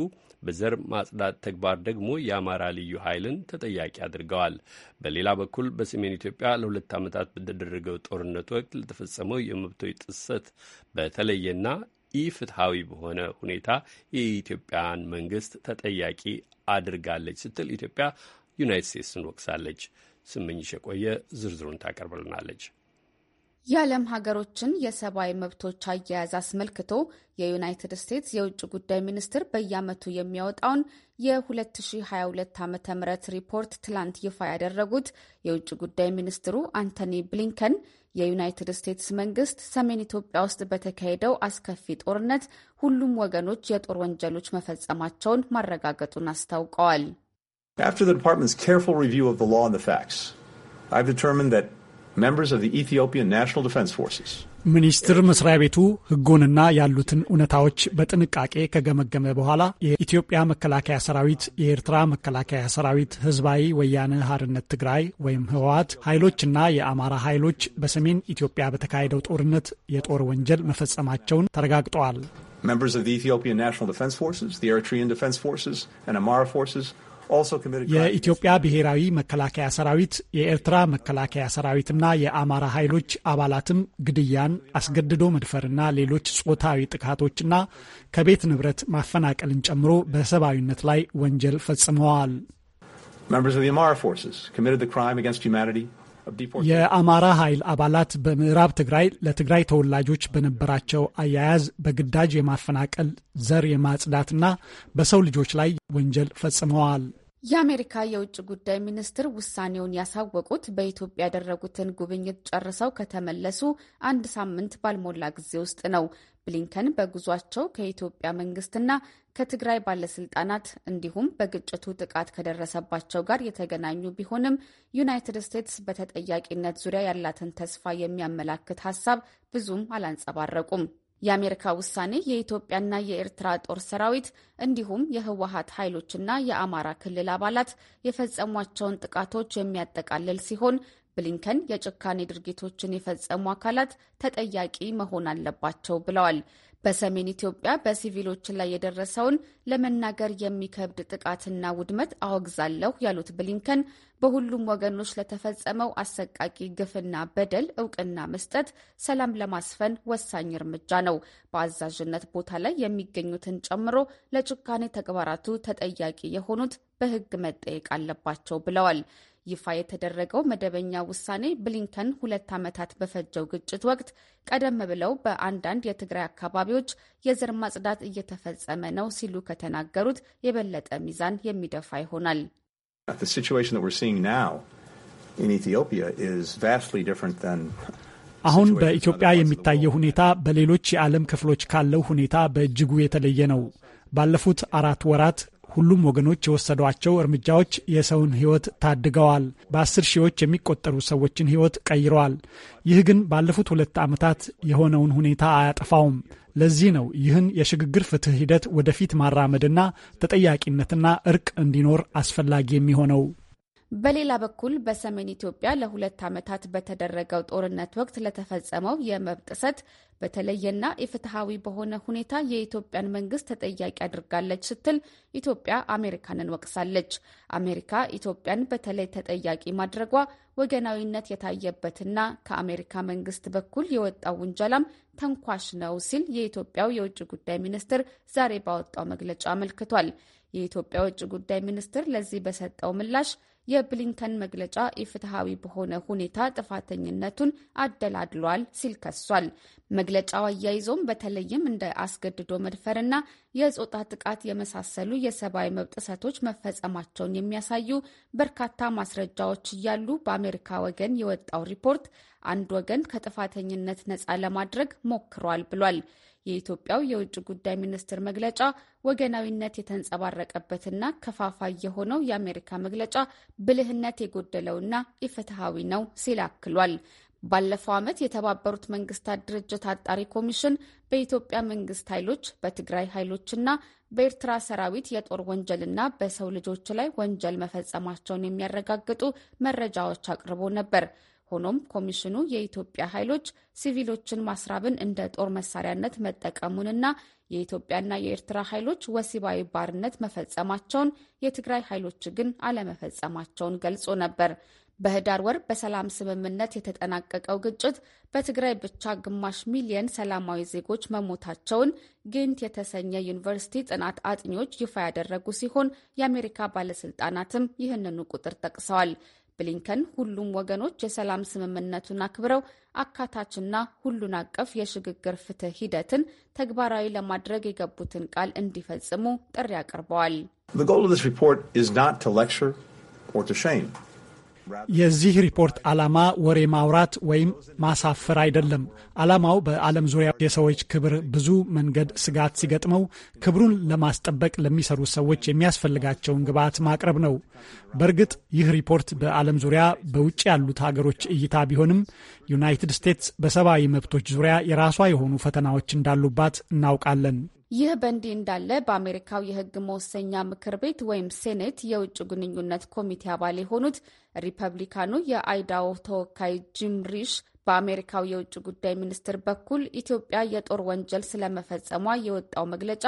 በዘር ማጽዳት ተግባር ደግሞ የአማራ ልዩ ኃይልን ተጠያቂ አድርገዋል። በሌላ በኩል በሰሜን ኢትዮጵያ ለሁለት ዓመታት በተደረገው ጦርነት ወቅት ለተፈጸመው የመብቶች ጥሰት በተለየና ኢፍትሐዊ በሆነ ሁኔታ የኢትዮጵያን መንግስት ተጠያቂ አድርጋለች ስትል ኢትዮጵያ ዩናይት ስቴትስን ወቅሳለች። ስመኝሽ የቆየ ዝርዝሩን ታቀርብልናለች። የዓለም ሀገሮችን የሰብአዊ መብቶች አያያዝ አስመልክቶ የዩናይትድ ስቴትስ የውጭ ጉዳይ ሚኒስትር በየዓመቱ የሚያወጣውን የ2022 ዓ ም ሪፖርት ትላንት ይፋ ያደረጉት የውጭ ጉዳይ ሚኒስትሩ አንቶኒ ብሊንከን የዩናይትድ ስቴትስ መንግስት ሰሜን ኢትዮጵያ ውስጥ በተካሄደው አስከፊ ጦርነት ሁሉም ወገኖች የጦር ወንጀሎች መፈጸማቸውን ማረጋገጡን አስታውቀዋል። After the department's careful review of the law and the facts, I've determined that members of the Ethiopian National Defense Forces ሚኒስትር መስሪያ ቤቱ ያሉትን እውነታዎች በጥንቃቄ ከገመገመ በኋላ የኢትዮጵያ መከላከያ ሰራዊት፣ የኤርትራ መከላከያ ሰራዊት፣ ህዝባዊ ወያነ ሀርነት ትግራይ ወይም ህወሓት ኃይሎችና የአማራ ኃይሎች በሰሜን ኢትዮጵያ በተካሄደው ጦርነት የጦር ወንጀል መፈጸማቸውን ተረጋግጠዋል። Members of the Ethiopian National Defense Forces, the Eritrean Defense Forces, and Amara forces የኢትዮጵያ ብሔራዊ መከላከያ ሰራዊት፣ የኤርትራ መከላከያ ሰራዊትና የአማራ ኃይሎች አባላትም ግድያን፣ አስገድዶ መድፈርና ሌሎች ጾታዊ ጥቃቶችና ከቤት ንብረት ማፈናቀልን ጨምሮ በሰብአዊነት ላይ ወንጀል ፈጽመዋል። የአማራ ኃይል አባላት በምዕራብ ትግራይ ለትግራይ ተወላጆች በነበራቸው አያያዝ በግዳጅ የማፈናቀል ዘር የማጽዳትና በሰው ልጆች ላይ ወንጀል ፈጽመዋል። የአሜሪካ የውጭ ጉዳይ ሚኒስትር ውሳኔውን ያሳወቁት በኢትዮጵያ ያደረጉትን ጉብኝት ጨርሰው ከተመለሱ አንድ ሳምንት ባልሞላ ጊዜ ውስጥ ነው። ብሊንከን በጉዟቸው ከኢትዮጵያ መንግስትና ከትግራይ ባለስልጣናት እንዲሁም በግጭቱ ጥቃት ከደረሰባቸው ጋር የተገናኙ ቢሆንም ዩናይትድ ስቴትስ በተጠያቂነት ዙሪያ ያላትን ተስፋ የሚያመላክት ሀሳብ ብዙም አላንጸባረቁም። የአሜሪካ ውሳኔ የኢትዮጵያና የኤርትራ ጦር ሰራዊት እንዲሁም የህወሀት ኃይሎችና የአማራ ክልል አባላት የፈጸሟቸውን ጥቃቶች የሚያጠቃልል ሲሆን ብሊንከን የጭካኔ ድርጊቶችን የፈጸሙ አካላት ተጠያቂ መሆን አለባቸው ብለዋል። በሰሜን ኢትዮጵያ በሲቪሎች ላይ የደረሰውን ለመናገር የሚከብድ ጥቃትና ውድመት አወግዛለሁ ያሉት ብሊንከን በሁሉም ወገኖች ለተፈጸመው አሰቃቂ ግፍና በደል እውቅና መስጠት ሰላም ለማስፈን ወሳኝ እርምጃ ነው። በአዛዥነት ቦታ ላይ የሚገኙትን ጨምሮ ለጭካኔ ተግባራቱ ተጠያቂ የሆኑት በሕግ መጠየቅ አለባቸው ብለዋል። ይፋ የተደረገው መደበኛ ውሳኔ ብሊንከን ሁለት ዓመታት በፈጀው ግጭት ወቅት ቀደም ብለው በአንዳንድ የትግራይ አካባቢዎች የዘር ማጽዳት እየተፈጸመ ነው ሲሉ ከተናገሩት የበለጠ ሚዛን የሚደፋ ይሆናል። አሁን በኢትዮጵያ የሚታየው ሁኔታ በሌሎች የዓለም ክፍሎች ካለው ሁኔታ በእጅጉ የተለየ ነው። ባለፉት አራት ወራት ሁሉም ወገኖች የወሰዷቸው እርምጃዎች የሰውን ሕይወት ታድገዋል። በአስር ሺዎች የሚቆጠሩ ሰዎችን ሕይወት ቀይረዋል። ይህ ግን ባለፉት ሁለት ዓመታት የሆነውን ሁኔታ አያጠፋውም። ለዚህ ነው ይህን የሽግግር ፍትህ ሂደት ወደፊት ማራመድና ተጠያቂነትና እርቅ እንዲኖር አስፈላጊ የሚሆነው። በሌላ በኩል በሰሜን ኢትዮጵያ ለሁለት ዓመታት በተደረገው ጦርነት ወቅት ለተፈጸመው የመብት ጥሰት በተለየና የፍትሐዊ በሆነ ሁኔታ የኢትዮጵያን መንግስት ተጠያቂ አድርጋለች ስትል ኢትዮጵያ አሜሪካንን ወቅሳለች። አሜሪካ ኢትዮጵያን በተለይ ተጠያቂ ማድረጓ ወገናዊነት የታየበትና ከአሜሪካ መንግስት በኩል የወጣው ውንጀላም ተንኳሽ ነው ሲል የኢትዮጵያው የውጭ ጉዳይ ሚኒስትር ዛሬ ባወጣው መግለጫ አመልክቷል። የኢትዮጵያ ውጭ ጉዳይ ሚኒስትር ለዚህ በሰጠው ምላሽ የብሊንከን መግለጫ ኢፍትሐዊ በሆነ ሁኔታ ጥፋተኝነቱን አደላድሏል ሲል ከሷል። መግለጫው አያይዞም በተለይም እንደ አስገድዶ መድፈርና የጾታ ጥቃት የመሳሰሉ የሰብአዊ መብት ጥሰቶች መፈጸማቸውን የሚያሳዩ በርካታ ማስረጃዎች እያሉ በአሜሪካ ወገን የወጣው ሪፖርት አንድ ወገን ከጥፋተኝነት ነፃ ለማድረግ ሞክሯል ብሏል። የኢትዮጵያው የውጭ ጉዳይ ሚኒስትር መግለጫ ወገናዊነት የተንጸባረቀበትና ከፋፋይ የሆነው የአሜሪካ መግለጫ ብልህነት የጎደለውና ኢፍትሐዊ ነው ሲል አክሏል። ባለፈው ዓመት የተባበሩት መንግስታት ድርጅት አጣሪ ኮሚሽን በኢትዮጵያ መንግስት ኃይሎች በትግራይ ኃይሎችና በኤርትራ ሰራዊት የጦር ወንጀልና በሰው ልጆች ላይ ወንጀል መፈጸማቸውን የሚያረጋግጡ መረጃዎች አቅርቦ ነበር። ሆኖም ኮሚሽኑ የኢትዮጵያ ኃይሎች ሲቪሎችን ማስራብን እንደ ጦር መሳሪያነት መጠቀሙንና የኢትዮጵያና የኤርትራ ኃይሎች ወሲባዊ ባርነት መፈጸማቸውን፣ የትግራይ ኃይሎች ግን አለመፈጸማቸውን ገልጾ ነበር። በህዳር ወር በሰላም ስምምነት የተጠናቀቀው ግጭት በትግራይ ብቻ ግማሽ ሚሊየን ሰላማዊ ዜጎች መሞታቸውን ግንት የተሰኘ ዩኒቨርሲቲ ጥናት አጥኚዎች ይፋ ያደረጉ ሲሆን የአሜሪካ ባለስልጣናትም ይህንኑ ቁጥር ጠቅሰዋል። ብሊንከን ሁሉም ወገኖች የሰላም ስምምነቱን አክብረው አካታችና ሁሉን አቀፍ የሽግግር ፍትህ ሂደትን ተግባራዊ ለማድረግ የገቡትን ቃል እንዲፈጽሙ ጥሪ አቅርበዋል። የዚህ ሪፖርት ዓላማ ወሬ ማውራት ወይም ማሳፈር አይደለም። ዓላማው በዓለም ዙሪያ የሰዎች ክብር ብዙ መንገድ ስጋት ሲገጥመው ክብሩን ለማስጠበቅ ለሚሰሩ ሰዎች የሚያስፈልጋቸውን ግብዓት ማቅረብ ነው። በእርግጥ ይህ ሪፖርት በዓለም ዙሪያ በውጭ ያሉት ሀገሮች እይታ ቢሆንም ዩናይትድ ስቴትስ በሰብአዊ መብቶች ዙሪያ የራሷ የሆኑ ፈተናዎች እንዳሉባት እናውቃለን። ይህ በእንዲህ እንዳለ በአሜሪካው የህግ መወሰኛ ምክር ቤት ወይም ሴኔት የውጭ ግንኙነት ኮሚቴ አባል የሆኑት ሪፐብሊካኑ የአይዳዎ ተወካይ ጂም ሪሽ በአሜሪካው የውጭ ጉዳይ ሚኒስትር በኩል ኢትዮጵያ የጦር ወንጀል ስለመፈጸሟ የወጣው መግለጫ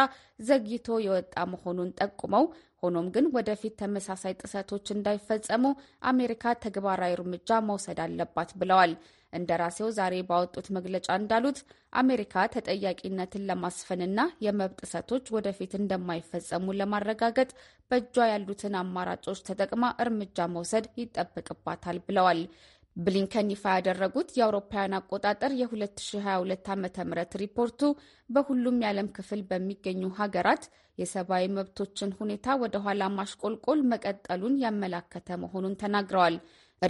ዘግይቶ የወጣ መሆኑን ጠቁመው ሆኖም ግን ወደፊት ተመሳሳይ ጥሰቶች እንዳይፈጸሙ አሜሪካ ተግባራዊ እርምጃ መውሰድ አለባት ብለዋል። እንደራሴው ዛሬ ባወጡት መግለጫ እንዳሉት አሜሪካ ተጠያቂነትን ለማስፈንና የመብት ጥሰቶች ወደፊት እንደማይፈጸሙ ለማረጋገጥ በእጇ ያሉትን አማራጮች ተጠቅማ እርምጃ መውሰድ ይጠበቅባታል ብለዋል። ብሊንከን ይፋ ያደረጉት የአውሮፓውያን አቆጣጠር የ2022 ዓ ም ሪፖርቱ በሁሉም የዓለም ክፍል በሚገኙ ሀገራት የሰብአዊ መብቶችን ሁኔታ ወደ ኋላ ማሽቆልቆል መቀጠሉን ያመላከተ መሆኑን ተናግረዋል።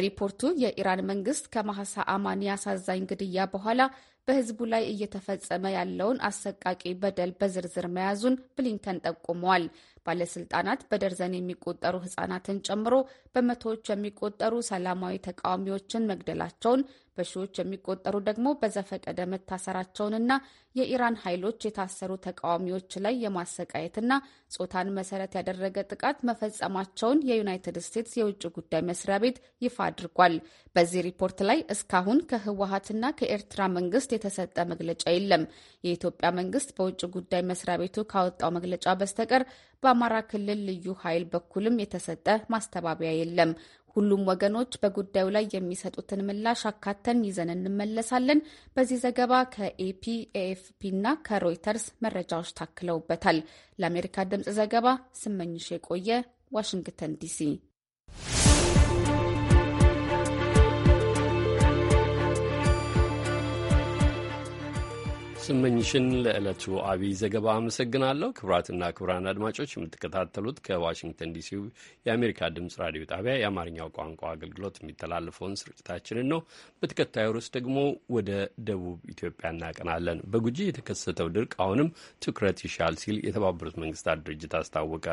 ሪፖርቱ የኢራን መንግስት ከማህሳ አማኒ አሳዛኝ ግድያ በኋላ በህዝቡ ላይ እየተፈጸመ ያለውን አሰቃቂ በደል በዝርዝር መያዙን ብሊንከን ጠቁመዋል። ባለስልጣናት በደርዘን የሚቆጠሩ ህጻናትን ጨምሮ በመቶዎች የሚቆጠሩ ሰላማዊ ተቃዋሚዎችን መግደላቸውን በሺዎች የሚቆጠሩ ደግሞ በዘፈቀደ መታሰራቸውንና የኢራን ኃይሎች የታሰሩ ተቃዋሚዎች ላይ የማሰቃየትና ጾታን መሰረት ያደረገ ጥቃት መፈጸማቸውን የዩናይትድ ስቴትስ የውጭ ጉዳይ መስሪያ ቤት ይፋ አድርጓል። በዚህ ሪፖርት ላይ እስካሁን ከህወሀትና ከኤርትራ መንግስት የተሰጠ መግለጫ የለም። የኢትዮጵያ መንግስት በውጭ ጉዳይ መስሪያ ቤቱ ካወጣው መግለጫ በስተቀር በአማራ ክልል ልዩ ኃይል በኩልም የተሰጠ ማስተባበያ የለም። ሁሉም ወገኖች በጉዳዩ ላይ የሚሰጡትን ምላሽ አካተን ይዘን እንመለሳለን። በዚህ ዘገባ ከኤፒ ኤኤፍፒ እና ከሮይተርስ መረጃዎች ታክለውበታል። ለአሜሪካ ድምፅ ዘገባ ስመኝሽ የቆየ ዋሽንግተን ዲሲ። ስመኝሽን ለዕለቱ አብይ ዘገባ አመሰግናለሁ። ክቡራትና ክቡራን አድማጮች የምትከታተሉት ከዋሽንግተን ዲሲ የአሜሪካ ድምፅ ራዲዮ ጣቢያ የአማርኛው ቋንቋ አገልግሎት የሚተላለፈውን ስርጭታችንን ነው። በተከታዩ ርዕስ ደግሞ ወደ ደቡብ ኢትዮጵያ እናቀናለን። በጉጂ የተከሰተው ድርቅ አሁንም ትኩረት ይሻል ሲል የተባበሩት መንግስታት ድርጅት አስታወቀ።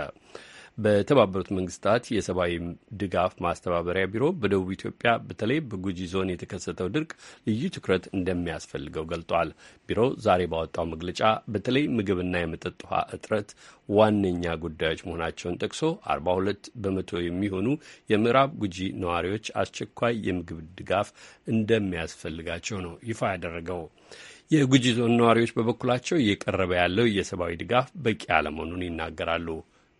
በተባበሩት መንግስታት የሰብአዊ ድጋፍ ማስተባበሪያ ቢሮ በደቡብ ኢትዮጵያ በተለይ በጉጂ ዞን የተከሰተው ድርቅ ልዩ ትኩረት እንደሚያስፈልገው ገልጧል። ቢሮው ዛሬ ባወጣው መግለጫ በተለይ ምግብና የመጠጥ ውሃ እጥረት ዋነኛ ጉዳዮች መሆናቸውን ጠቅሶ 42 በመቶ የሚሆኑ የምዕራብ ጉጂ ነዋሪዎች አስቸኳይ የምግብ ድጋፍ እንደሚያስፈልጋቸው ነው ይፋ ያደረገው። የጉጂ ዞን ነዋሪዎች በበኩላቸው እየቀረበ ያለው የሰብአዊ ድጋፍ በቂ አለመሆኑን ይናገራሉ።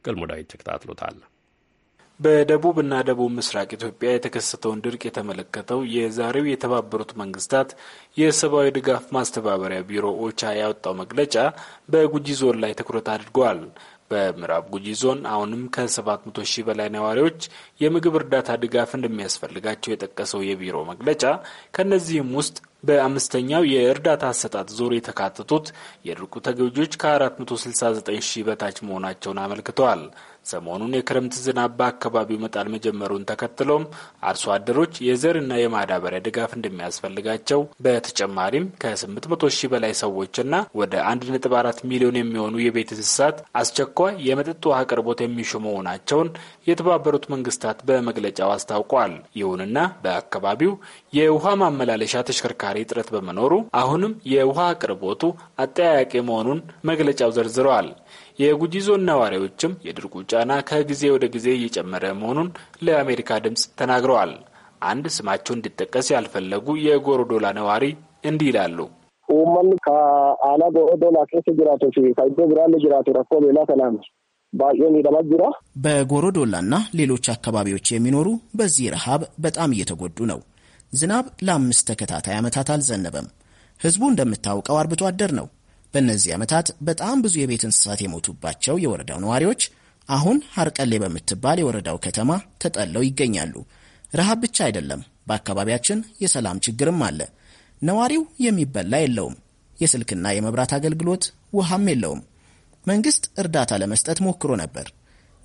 ገልሞ ዳዊት ተከታትሎታል። በደቡብና ደቡብ ምስራቅ ኢትዮጵያ የተከሰተውን ድርቅ የተመለከተው የዛሬው የተባበሩት መንግስታት የሰብአዊ ድጋፍ ማስተባበሪያ ቢሮ ኦቻ ያወጣው መግለጫ በጉጂ ዞን ላይ ትኩረት አድርገዋል። በምዕራብ ጉጂ ዞን አሁንም ከ700 ሺህ በላይ ነዋሪዎች የምግብ እርዳታ ድጋፍ እንደሚያስፈልጋቸው የጠቀሰው የቢሮ መግለጫ ከእነዚህም ውስጥ በአምስተኛው የእርዳታ አሰጣጥ ዙር የተካተቱት የድርቁ ተጎጂዎች ከ469 ሺህ በታች መሆናቸውን አመልክተዋል። ሰሞኑን የክረምት ዝናብ በአካባቢው መጣል መጀመሩን ተከትሎም አርሶ አደሮች የዘርና የማዳበሪያ ድጋፍ እንደሚያስፈልጋቸው በተጨማሪም ከ800 ሺህ በላይ ሰዎችና ወደ 1.4 ሚሊዮን የሚሆኑ የቤት እንስሳት አስቸኳይ የመጠጥ ውሃ አቅርቦት የሚሹ መሆናቸውን የተባበሩት መንግስታት በመግለጫው አስታውቋል። ይሁንና በአካባቢው የውሃ ማመላለሻ ተሽከርካሪ እጥረት በመኖሩ አሁንም የውሃ አቅርቦቱ አጠያያቂ መሆኑን መግለጫው ዘርዝረዋል። የጉጂ ዞን ነዋሪዎችም የድርቁ ጫና ከጊዜ ወደ ጊዜ እየጨመረ መሆኑን ለአሜሪካ ድምፅ ተናግረዋል። አንድ ስማቸው እንዲጠቀስ ያልፈለጉ የጎሮዶላ ነዋሪ እንዲህ ይላሉ። ኡመን ከአና ጎሮዶላ ጅራቶ ከዶ ረኮ ሌላ በጎሮዶላና ሌሎች አካባቢዎች የሚኖሩ በዚህ ረሃብ በጣም እየተጎዱ ነው። ዝናብ ለአምስት ተከታታይ ዓመታት አልዘነበም። ህዝቡ እንደምታውቀው አርብቶ አደር ነው። በእነዚህ ዓመታት በጣም ብዙ የቤት እንስሳት የሞቱባቸው የወረዳው ነዋሪዎች አሁን ሀርቀሌ በምትባል የወረዳው ከተማ ተጠለው ይገኛሉ። ረሃብ ብቻ አይደለም፣ በአካባቢያችን የሰላም ችግርም አለ። ነዋሪው የሚበላ የለውም። የስልክና የመብራት አገልግሎት፣ ውሃም የለውም። መንግስት እርዳታ ለመስጠት ሞክሮ ነበር።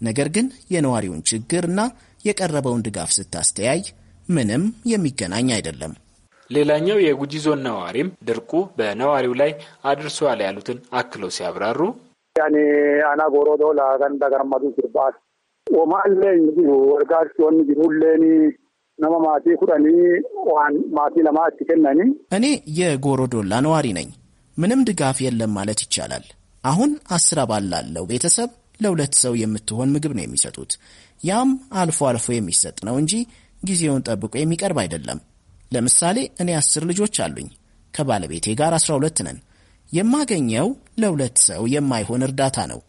ነገር ግን የነዋሪውን ችግርና የቀረበውን ድጋፍ ስታስተያይ ምንም የሚገናኝ አይደለም። ሌላኛው የጉጂ ዞን ነዋሪም ድርቁ በነዋሪው ላይ አድርሰዋል ያሉትን አክለው ሲያብራሩ እኔ የጎሮዶላ ነዋሪ ነኝ። ምንም ድጋፍ የለም ማለት ይቻላል። አሁን አስር አባል ላለው ቤተሰብ ለሁለት ሰው የምትሆን ምግብ ነው የሚሰጡት። ያም አልፎ አልፎ የሚሰጥ ነው እንጂ ጊዜውን ጠብቆ የሚቀርብ አይደለም። ለምሳሌ እኔ አስር ልጆች አሉኝ። ከባለቤቴ ጋር አስራ ሁለት ነን። የማገኘው ለሁለት ሰው የማይሆን እርዳታ ነው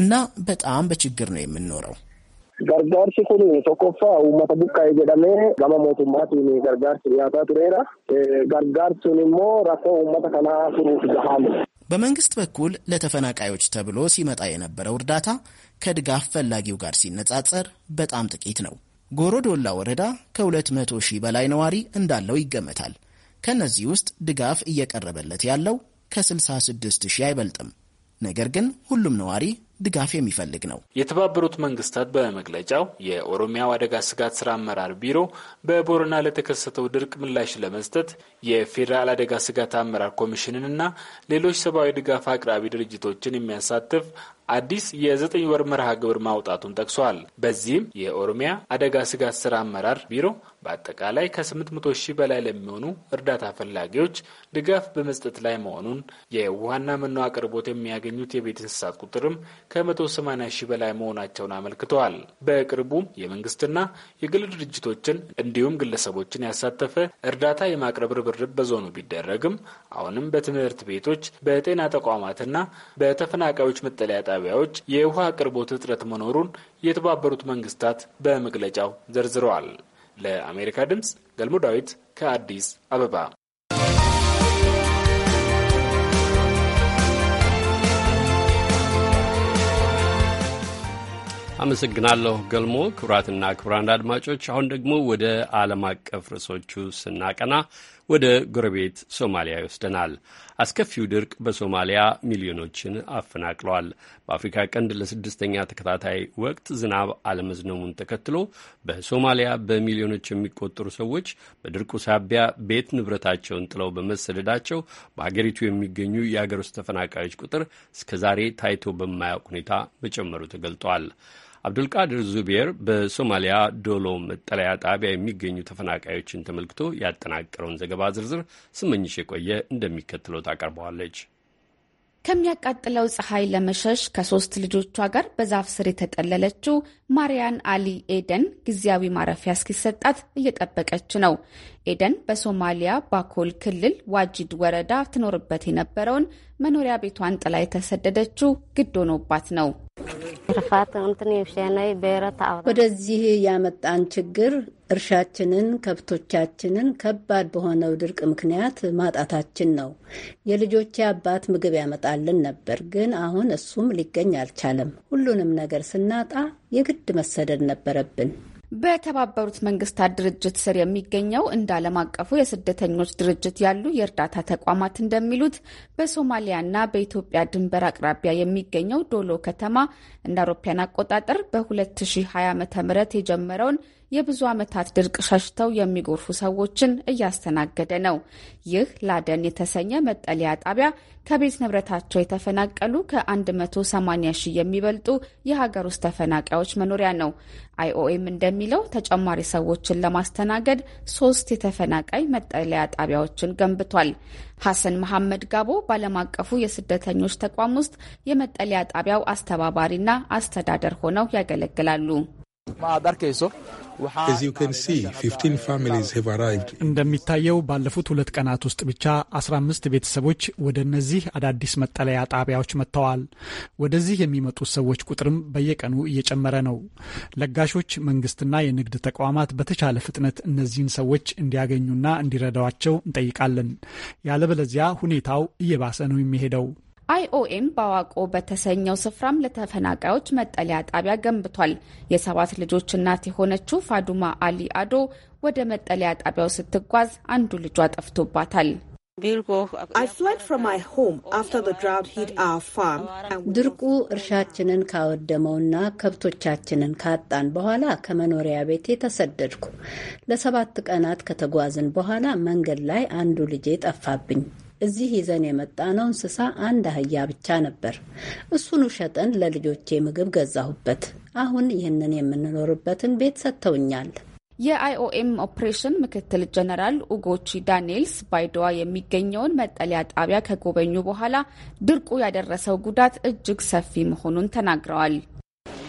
እና በጣም በችግር ነው የምንኖረው። ጋርጋርሲ ኩኒ ቶኮፋ ውመተ ቡቃይ ጀዳሜ ጋማ ሞቱማት ኒ ጋርጋርሲ ያታ ቱሬራ ጋርጋርሲን ሞ ራሶ ውመተ ከና ሱሩፍ ጋሃሉ በመንግስት በኩል ለተፈናቃዮች ተብሎ ሲመጣ የነበረው እርዳታ ከድጋፍ ፈላጊው ጋር ሲነጻጸር በጣም ጥቂት ነው። ጎሮዶላ ወረዳ ከ200 ሺህ በላይ ነዋሪ እንዳለው ይገመታል። ከእነዚህ ውስጥ ድጋፍ እየቀረበለት ያለው ከ66 ሺህ አይበልጥም። ነገር ግን ሁሉም ነዋሪ ድጋፍ የሚፈልግ ነው። የተባበሩት መንግስታት በመግለጫው የኦሮሚያው አደጋ ስጋት ስራ አመራር ቢሮ በቦረና ለተከሰተው ድርቅ ምላሽ ለመስጠት የፌዴራል አደጋ ስጋት አመራር ኮሚሽንንና ሌሎች ሰብአዊ ድጋፍ አቅራቢ ድርጅቶችን የሚያሳትፍ አዲስ የዘጠኝ ወር መርሃ ግብር ማውጣቱን ጠቅሷል። በዚህም የኦሮሚያ አደጋ ስጋት ስራ አመራር ቢሮ በአጠቃላይ ከ800 ሺህ በላይ ለሚሆኑ እርዳታ ፈላጊዎች ድጋፍ በመስጠት ላይ መሆኑን፣ የውሃና መኖ አቅርቦት የሚያገኙት የቤት እንስሳት ቁጥርም ከ180 ሺህ በላይ መሆናቸውን አመልክተዋል። በቅርቡም የመንግስትና የግል ድርጅቶችን እንዲሁም ግለሰቦችን ያሳተፈ እርዳታ የማቅረብ ርብርብ በዞኑ ቢደረግም አሁንም በትምህርት ቤቶች፣ በጤና ተቋማትና በተፈናቃዮች መጠለያ ጣቢያዎች የውሃ አቅርቦት እጥረት መኖሩን የተባበሩት መንግስታት በመግለጫው ዘርዝረዋል። ለአሜሪካ ድምፅ ገልሞ ዳዊት ከአዲስ አበባ። አመሰግናለሁ ገልሞ። ክቡራትና ክቡራን አድማጮች አሁን ደግሞ ወደ ዓለም አቀፍ ርዕሶቹ ስናቀና ወደ ጎረቤት ሶማሊያ ይወስደናል። አስከፊው ድርቅ በሶማሊያ ሚሊዮኖችን አፈናቅሏል። በአፍሪካ ቀንድ ለስድስተኛ ተከታታይ ወቅት ዝናብ አለመዝነሙን ተከትሎ በሶማሊያ በሚሊዮኖች የሚቆጠሩ ሰዎች በድርቁ ሳቢያ ቤት ንብረታቸውን ጥለው በመሰደዳቸው በሀገሪቱ የሚገኙ የአገር ውስጥ ተፈናቃዮች ቁጥር እስከዛሬ ታይቶ በማያውቅ ሁኔታ መጨመሩ ተገልጧል። አብዱልቃድር ዙቤር በሶማሊያ ዶሎ መጠለያ ጣቢያ የሚገኙ ተፈናቃዮችን ተመልክቶ ያጠናቀረውን ዘገባ ዝርዝር ስመኝሽ የቆየ እንደሚከትለው ታቀርበዋለች። ከሚያቃጥለው ፀሐይ ለመሸሽ ከሶስት ልጆቿ ጋር በዛፍ ስር የተጠለለችው ማርያን አሊ ኤደን ጊዜያዊ ማረፊያ እስኪሰጣት እየጠበቀች ነው። ኤደን በሶማሊያ ባኮል ክልል ዋጂድ ወረዳ ትኖርበት የነበረውን መኖሪያ ቤቷን ጥላ የተሰደደችው ግድ ሆኖባት ነው። ወደዚህ ያመጣን ችግር እርሻችንን፣ ከብቶቻችንን ከባድ በሆነው ድርቅ ምክንያት ማጣታችን ነው። የልጆቼ አባት ምግብ ያመጣልን ነበር፣ ግን አሁን እሱም ሊገኝ አልቻለም። ሁሉንም ነገር ስናጣ የግድ መሰደድ ነበረብን። በተባበሩት መንግስታት ድርጅት ስር የሚገኘው እንደ ዓለም አቀፉ የስደተኞች ድርጅት ያሉ የእርዳታ ተቋማት እንደሚሉት በሶማሊያና በኢትዮጵያ ድንበር አቅራቢያ የሚገኘው ዶሎ ከተማ እንደ አውሮፓያን አቆጣጠር በ2020 ዓ.ም የጀመረውን የብዙ ዓመታት ድርቅ ሸሽተው የሚጎርፉ ሰዎችን እያስተናገደ ነው። ይህ ላደን የተሰኘ መጠለያ ጣቢያ ከቤት ንብረታቸው የተፈናቀሉ ከ180 ሺህ የሚበልጡ የሀገር ውስጥ ተፈናቃዮች መኖሪያ ነው። አይኦኤም እንደሚለው ተጨማሪ ሰዎችን ለማስተናገድ ሶስት የተፈናቃይ መጠለያ ጣቢያዎችን ገንብቷል። ሐሰን መሐመድ ጋቦ በዓለም አቀፉ የስደተኞች ተቋም ውስጥ የመጠለያ ጣቢያው አስተባባሪና አስተዳደር ሆነው ያገለግላሉ። እንደሚታየው ባለፉት ሁለት ቀናት ውስጥ ብቻ 15 ቤተሰቦች ወደ እነዚህ አዳዲስ መጠለያ ጣቢያዎች መጥተዋል። ወደዚህ የሚመጡት ሰዎች ቁጥርም በየቀኑ እየጨመረ ነው። ለጋሾች መንግስትና የንግድ ተቋማት በተቻለ ፍጥነት እነዚህን ሰዎች እንዲያገኙና እንዲረዳቸው እንጠይቃለን። ያለበለዚያ ሁኔታው እየባሰ ነው የሚሄደው። አይኦኤም በአዋቆ በተሰኘው ስፍራም ለተፈናቃዮች መጠለያ ጣቢያ ገንብቷል። የሰባት ልጆች እናት የሆነችው ፋዱማ አሊ አዶ ወደ መጠለያ ጣቢያው ስትጓዝ አንዱ ልጇ ጠፍቶባታል። ድርቁ እርሻችንን ካወደመውና ከብቶቻችንን ካጣን በኋላ ከመኖሪያ ቤቴ ተሰደድኩ። ለሰባት ቀናት ከተጓዝን በኋላ መንገድ ላይ አንዱ ልጄ ጠፋብኝ። እዚህ ይዘን የመጣነው እንስሳ አንድ አህያ ብቻ ነበር። እሱኑ ሸጠን ለልጆቼ ምግብ ገዛሁበት። አሁን ይህንን የምንኖርበትን ቤት ሰጥተውኛል። የአይኦኤም ኦፕሬሽን ምክትል ጀነራል ኡጎቺ ዳንኤልስ ባይዶዋ የሚገኘውን መጠለያ ጣቢያ ከጎበኙ በኋላ ድርቁ ያደረሰው ጉዳት እጅግ ሰፊ መሆኑን ተናግረዋል።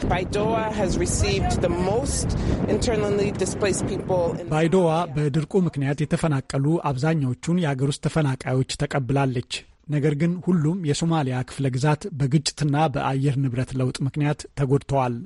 ባይዶዋ በድርቁ ምክንያት የተፈናቀሉ አብዛኛዎቹን የአገር ውስጥ ተፈናቃዮች ተቀብላለች። ነገር ግን ሁሉም የሶማሊያ ክፍለ ግዛት በግጭትና በአየር ንብረት ለውጥ ምክንያት ተጎድተዋል።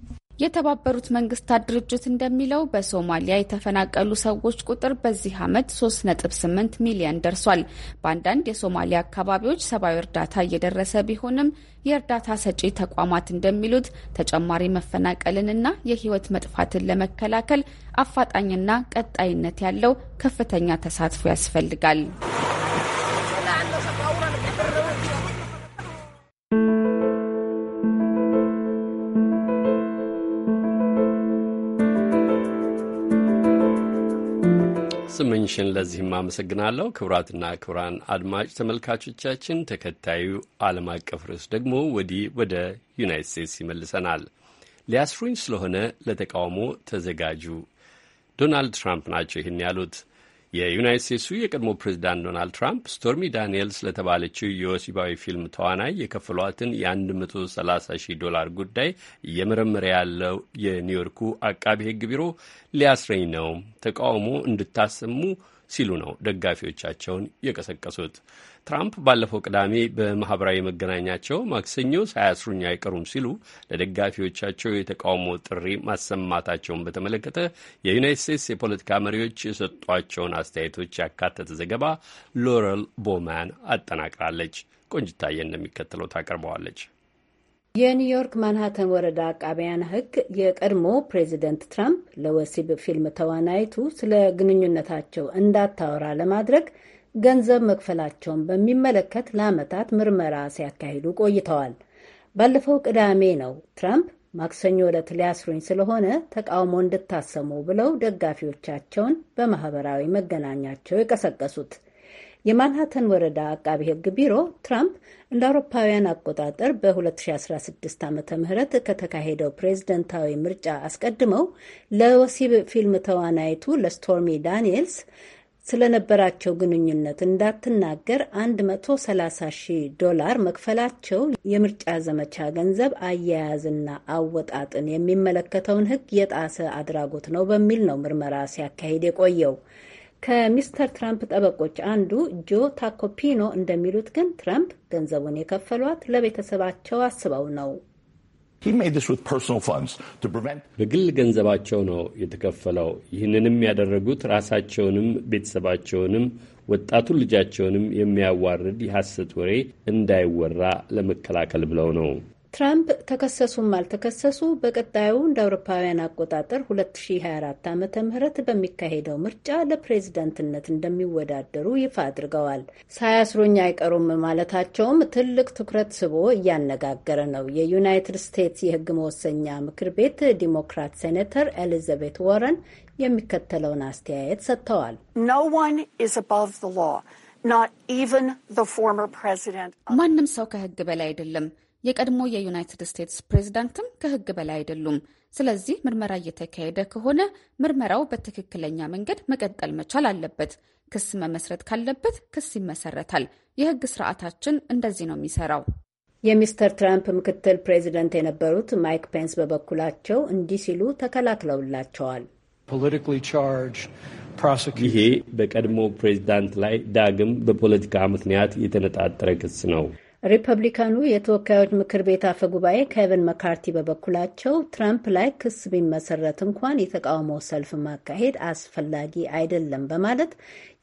የተባበሩት መንግስታት ድርጅት እንደሚለው በሶማሊያ የተፈናቀሉ ሰዎች ቁጥር በዚህ ዓመት 3.8 ሚሊዮን ደርሷል። በአንዳንድ የሶማሊያ አካባቢዎች ሰብአዊ እርዳታ እየደረሰ ቢሆንም የእርዳታ ሰጪ ተቋማት እንደሚሉት ተጨማሪ መፈናቀልንና የህይወት መጥፋትን ለመከላከል አፋጣኝና ቀጣይነት ያለው ከፍተኛ ተሳትፎ ያስፈልጋል። ስመኝሽን ለዚህም አመሰግናለሁ። ክቡራትና ክቡራን አድማጭ ተመልካቾቻችን ተከታዩ ዓለም አቀፍ ርዕስ ደግሞ ወዲህ ወደ ዩናይት ስቴትስ ይመልሰናል። ሊያስሩኝ ስለሆነ ለተቃውሞ ተዘጋጁ ዶናልድ ትራምፕ ናቸው ይህን ያሉት። የዩናይት ስቴትሱ የቀድሞ ፕሬዚዳንት ዶናልድ ትራምፕ ስቶርሚ ዳንኤልስ ለተባለችው የወሲባዊ ፊልም ተዋናይ የከፈሏትን የ130 ሺህ ዶላር ጉዳይ እየመረመረ ያለው የኒውዮርኩ አቃቢ ሕግ ቢሮ ሊያስረኝ ነው፣ ተቃውሞ እንድታሰሙ ሲሉ ነው ደጋፊዎቻቸውን የቀሰቀሱት። ትራምፕ ባለፈው ቅዳሜ በማኅበራዊ መገናኛቸው ማክሰኞ ሳያስሩኝ አይቀሩም ሲሉ ለደጋፊዎቻቸው የተቃውሞ ጥሪ ማሰማታቸውን በተመለከተ የዩናይት ስቴትስ የፖለቲካ መሪዎች የሰጧቸውን አስተያየቶች ያካተተ ዘገባ ሎረል ቦማን አጠናቅራለች። ቆንጅታየ እንደሚከተለው ታቀርበዋለች። የኒውዮርክ ማንሃተን ወረዳ አቃቢያን ሕግ የቀድሞ ፕሬዚደንት ትራምፕ ለወሲብ ፊልም ተዋናይቱ ስለ ግንኙነታቸው እንዳታወራ ለማድረግ ገንዘብ መክፈላቸውን በሚመለከት ለዓመታት ምርመራ ሲያካሂዱ ቆይተዋል። ባለፈው ቅዳሜ ነው ትራምፕ ማክሰኞ ዕለት ሊያስሩኝ ስለሆነ ተቃውሞ እንድታሰሙ ብለው ደጋፊዎቻቸውን በማህበራዊ መገናኛቸው የቀሰቀሱት። የማንሃተን ወረዳ አቃቢ ሕግ ቢሮ ትራምፕ እንደ አውሮፓውያን አቆጣጠር በ2016 ዓ ም ከተካሄደው ፕሬዝደንታዊ ምርጫ አስቀድመው ለወሲብ ፊልም ተዋናይቱ ለስቶርሚ ዳንኤልስ ስለነበራቸው ግንኙነት እንዳትናገር 130 ሺህ ዶላር መክፈላቸው የምርጫ ዘመቻ ገንዘብ አያያዝና አወጣጥን የሚመለከተውን ሕግ የጣሰ አድራጎት ነው በሚል ነው ምርመራ ሲያካሂድ የቆየው። ከሚስተር ትራምፕ ጠበቆች አንዱ ጆ ታኮፒኖ እንደሚሉት ግን ትራምፕ ገንዘቡን የከፈሏት ለቤተሰባቸው አስበው ነው። በግል ገንዘባቸው ነው የተከፈለው። ይህንንም ያደረጉት ራሳቸውንም ቤተሰባቸውንም ወጣቱን ልጃቸውንም የሚያዋርድ የሐሰት ወሬ እንዳይወራ ለመከላከል ብለው ነው። ትራምፕ ተከሰሱም አልተከሰሱ በቀጣዩ እንደ አውሮፓውያን አቆጣጠር 2024 ዓ ም በሚካሄደው ምርጫ ለፕሬዝደንትነት እንደሚወዳደሩ ይፋ አድርገዋል። ሳያስሩኝ አይቀሩም ማለታቸውም ትልቅ ትኩረት ስቦ እያነጋገረ ነው። የዩናይትድ ስቴትስ የህግ መወሰኛ ምክር ቤት ዲሞክራት ሴኔተር ኤሊዛቤት ወረን የሚከተለውን አስተያየት ሰጥተዋል። ኖ ዋን ኢዝ አባቭ ዘ ሎው ኢቨን ዘ ፎርመር ፕሬዚደንት። ማንም ሰው ከህግ በላይ አይደለም የቀድሞ የዩናይትድ ስቴትስ ፕሬዝዳንትም ከህግ በላይ አይደሉም። ስለዚህ ምርመራ እየተካሄደ ከሆነ ምርመራው በትክክለኛ መንገድ መቀጠል መቻል አለበት። ክስ መመስረት ካለበት ክስ ይመሰረታል። የህግ ስርዓታችን እንደዚህ ነው የሚሰራው። የሚስተር ትራምፕ ምክትል ፕሬዚደንት የነበሩት ማይክ ፔንስ በበኩላቸው እንዲህ ሲሉ ተከላክለውላቸዋል። ይሄ በቀድሞ ፕሬዚዳንት ላይ ዳግም በፖለቲካ ምክንያት የተነጣጠረ ክስ ነው ሪፐብሊካኑ የተወካዮች ምክር ቤት አፈ ጉባኤ ኬቨን መካርቲ በበኩላቸው ትራምፕ ላይ ክስ ቢመሰረት እንኳን የተቃውሞ ሰልፍ ማካሄድ አስፈላጊ አይደለም በማለት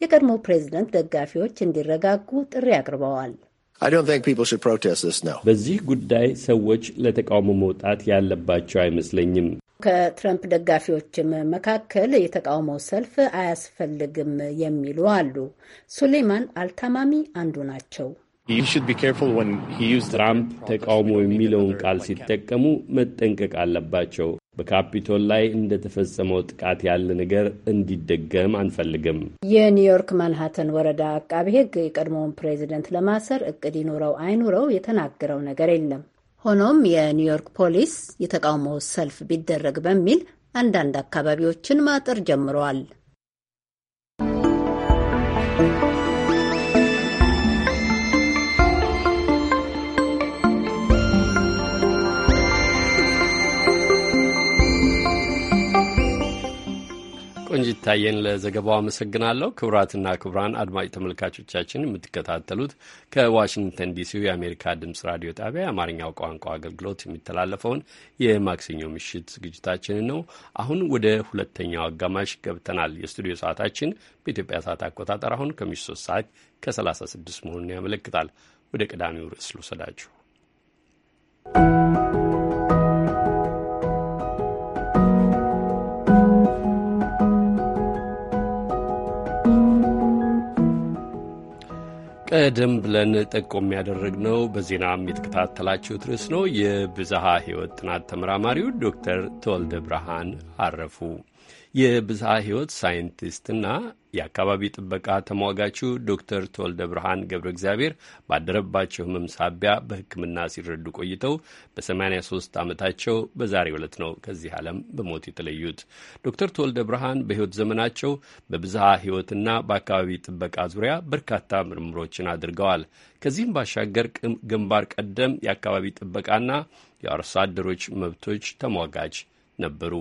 የቀድሞ ፕሬዝደንት ደጋፊዎች እንዲረጋጉ ጥሪ አቅርበዋል። በዚህ ጉዳይ ሰዎች ለተቃውሞ መውጣት ያለባቸው አይመስለኝም። ከትረምፕ ደጋፊዎችም መካከል የተቃውሞ ሰልፍ አያስፈልግም የሚሉ አሉ። ሱሌይማን አልታማሚ አንዱ ናቸው። ትራምፕ ተቃውሞ የሚለውን ቃል ሲጠቀሙ መጠንቀቅ አለባቸው። በካፒቶል ላይ እንደተፈጸመው ጥቃት ያለ ነገር እንዲደገም አንፈልግም። የኒውዮርክ ማንሃተን ወረዳ አቃቤ ሕግ የቀድሞውን ፕሬዚደንት ለማሰር እቅድ ይኑረው አይኑረው የተናገረው ነገር የለም። ሆኖም የኒውዮርክ ፖሊስ የተቃውሞ ሰልፍ ቢደረግ በሚል አንዳንድ አካባቢዎችን ማጠር ጀምረዋል። ታየን ለዘገባው አመሰግናለሁ። ክቡራትና ክቡራን አድማጭ ተመልካቾቻችን የምትከታተሉት ከዋሽንግተን ዲሲው የአሜሪካ ድምጽ ራዲዮ ጣቢያ የአማርኛው ቋንቋ አገልግሎት የሚተላለፈውን የማክሰኞ ምሽት ዝግጅታችንን ነው። አሁን ወደ ሁለተኛው አጋማሽ ገብተናል። የስቱዲዮ ሰዓታችን በኢትዮጵያ ሰዓት አቆጣጠር አሁን ከምሽቱ ሶስት ሰዓት ከሰላሳ ስድስት መሆኑን ያመለክታል። ወደ ቀዳሚው ርዕስ ልውሰዳችሁ። ቀደም ብለን ጠቆም ያደረግነው በዜናም የተከታተላችሁት ርዕስ ነው። የብዝሃ ሕይወት ጥናት ተመራማሪው ዶክተር ተወልደ ብርሃን አረፉ። የብዝሃ ህይወት ሳይንቲስትና የአካባቢ ጥበቃ ተሟጋቹ ዶክተር ተወልደ ብርሃን ገብረ እግዚአብሔር ባደረባቸው ህመም ሳቢያ በሕክምና ሲረዱ ቆይተው በ83 ዓመታቸው በዛሬው ዕለት ነው ከዚህ ዓለም በሞት የተለዩት። ዶክተር ተወልደ ብርሃን በሕይወት ዘመናቸው በብዝሃ ህይወትና በአካባቢ ጥበቃ ዙሪያ በርካታ ምርምሮችን አድርገዋል። ከዚህም ባሻገር ግንባር ቀደም የአካባቢ ጥበቃና የአርሶ አደሮች መብቶች ተሟጋች ነበሩ።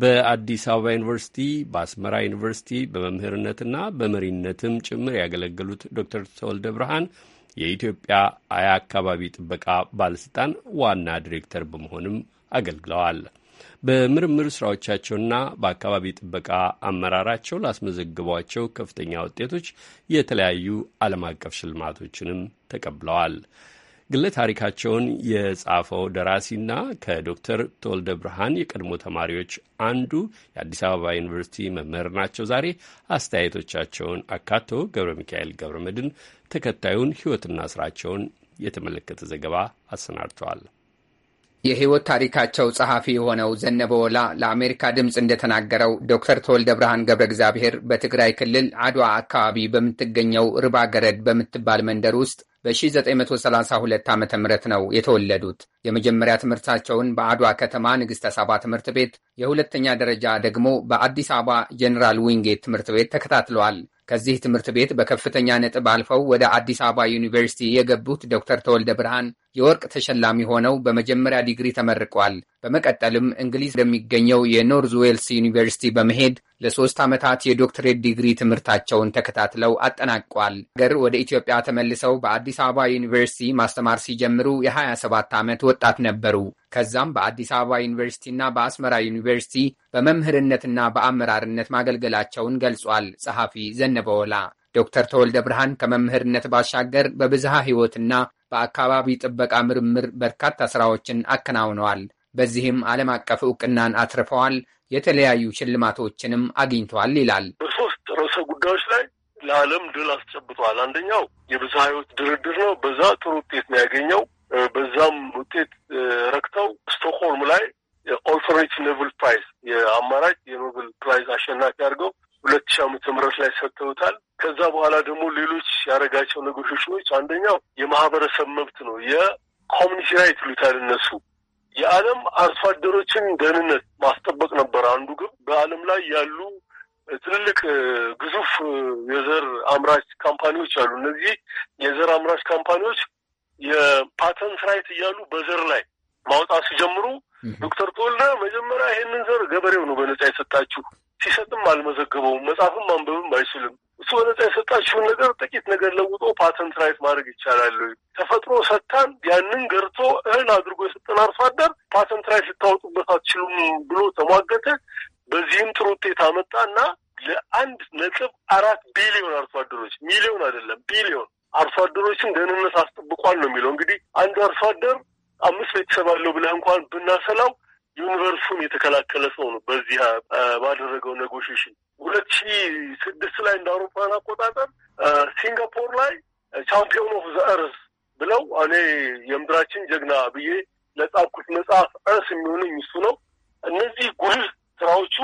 በአዲስ አበባ ዩኒቨርሲቲ፣ በአስመራ ዩኒቨርሲቲ በመምህርነትና በመሪነትም ጭምር ያገለገሉት ዶክተር ተወልደ ብርሃን የኢትዮጵያ የአካባቢ ጥበቃ ባለስልጣን ዋና ዲሬክተር በመሆንም አገልግለዋል። በምርምር ስራዎቻቸውና በአካባቢ ጥበቃ አመራራቸው ላስመዘግቧቸው ከፍተኛ ውጤቶች የተለያዩ ዓለም አቀፍ ሽልማቶችንም ተቀብለዋል። ግለ ታሪካቸውን የጻፈው ደራሲና ከዶክተር ተወልደ ብርሃን የቀድሞ ተማሪዎች አንዱ የአዲስ አበባ ዩኒቨርሲቲ መምህር ናቸው። ዛሬ አስተያየቶቻቸውን አካቶ ገብረ ሚካኤል ገብረ መድን ተከታዩን ሕይወትና ስራቸውን የተመለከተ ዘገባ አሰናድተዋል። የህይወት ታሪካቸው ጸሐፊ የሆነው ዘነበ ወላ ለአሜሪካ ድምፅ እንደተናገረው ዶክተር ተወልደ ብርሃን ገብረ እግዚአብሔር በትግራይ ክልል አድዋ አካባቢ በምትገኘው ርባ ገረድ በምትባል መንደር ውስጥ በ1932 ዓ ም ነው የተወለዱት። የመጀመሪያ ትምህርታቸውን በአድዋ ከተማ ንግሥተ ሳባ ትምህርት ቤት፣ የሁለተኛ ደረጃ ደግሞ በአዲስ አበባ ጀኔራል ዊንጌት ትምህርት ቤት ተከታትለዋል። ከዚህ ትምህርት ቤት በከፍተኛ ነጥብ አልፈው ወደ አዲስ አበባ ዩኒቨርሲቲ የገቡት ዶክተር ተወልደ ብርሃን የወርቅ ተሸላሚ ሆነው በመጀመሪያ ዲግሪ ተመርቋል። በመቀጠልም እንግሊዝ ወደሚገኘው የኖርዝ ዌልስ ዩኒቨርሲቲ በመሄድ ለሶስት ዓመታት የዶክትሬት ዲግሪ ትምህርታቸውን ተከታትለው አጠናቋል። ሀገር ወደ ኢትዮጵያ ተመልሰው በአዲስ አበባ ዩኒቨርሲቲ ማስተማር ሲጀምሩ የ27 ዓመት ወጣት ነበሩ። ከዛም በአዲስ አበባ ዩኒቨርሲቲና በአስመራ ዩኒቨርሲቲ በመምህርነትና በአመራርነት ማገልገላቸውን ገልጿል ጸሐፊ ዘነበወላ። ዶክተር ተወልደ ብርሃን ከመምህርነት ባሻገር በብዝሃ ሕይወትና በአካባቢ ጥበቃ ምርምር በርካታ ስራዎችን አከናውነዋል። በዚህም ዓለም አቀፍ እውቅናን አትርፈዋል፣ የተለያዩ ሽልማቶችንም አግኝተዋል ይላል። በሶስት ርዕሰ ጉዳዮች ላይ ለዓለም ድል አስጨብጠዋል። አንደኛው የብዝሃ ሕይወት ድርድር ነው። በዛ ጥሩ ውጤት ነው ያገኘው። በዛም ውጤት ረክተው ስቶክሆልም ላይ የኦልተርኔቲቭ ኖብል ፕራይዝ የአማራጭ የኖብል ፕራይዝ አሸናፊ አድርገው ሁለት ሺ ዓመተ ምህረት ላይ ሰጥተውታል። ከዛ በኋላ ደግሞ ሌሎች ያደረጋቸው ኔጎሽሽኖች አንደኛው የማህበረሰብ መብት ነው። የኮሚኒቲ ራይት ይሉታል እነሱ። የዓለም አርሶ አደሮችን ደህንነት ማስጠበቅ ነበር አንዱ ግብ። በዓለም ላይ ያሉ ትልልቅ ግዙፍ የዘር አምራች ካምፓኒዎች አሉ። እነዚህ የዘር አምራች ካምፓኒዎች የፓተንት ራይት እያሉ በዘር ላይ ማውጣት ሲጀምሩ ዶክተር ተወልደ መጀመሪያ ይሄንን ዘር ገበሬው ነው በነጻ የሰጣችሁ፣ ሲሰጥም አልመዘገበውም፣ መጽሐፍም አንበብም አይችልም። እሱ በነጻ የሰጣችሁን ነገር ጥቂት ነገር ለውጦ ፓተንት ራይት ማድረግ ይቻላል። ተፈጥሮ ሰጥታን ያንን ገርቶ እህል አድርጎ የሰጠን አርሶ አደር ፓተንት ራይት ልታወጡበት አትችሉም ብሎ ተሟገተ። በዚህም ጥሩ ውጤት አመጣና ለአንድ ነጥብ አራት ቢሊዮን አርሶ አደሮች ሚሊዮን አይደለም ቢሊዮን አርሶ አደሮችን ደህንነት አስጠብቋል ነው የሚለው። እንግዲህ አንድ አርሶ አደር አምስት ቤተሰብ አለው ብለህ እንኳን ብናሰላው ዩኒቨርሱም የተከላከለ ሰው ነው። በዚህ ባደረገው ኔጎሽሽን ሁለት ሺ ስድስት ላይ እንደ አውሮፓን አቆጣጠር ሲንጋፖር ላይ ቻምፒዮን ኦፍ ዘ እርስ ብለው እኔ የምድራችን ጀግና ብዬ ለጻፍኩት መጽሐፍ እርስ የሚሆነኝ እሱ ነው። እነዚህ ጉልህ ስራዎቹ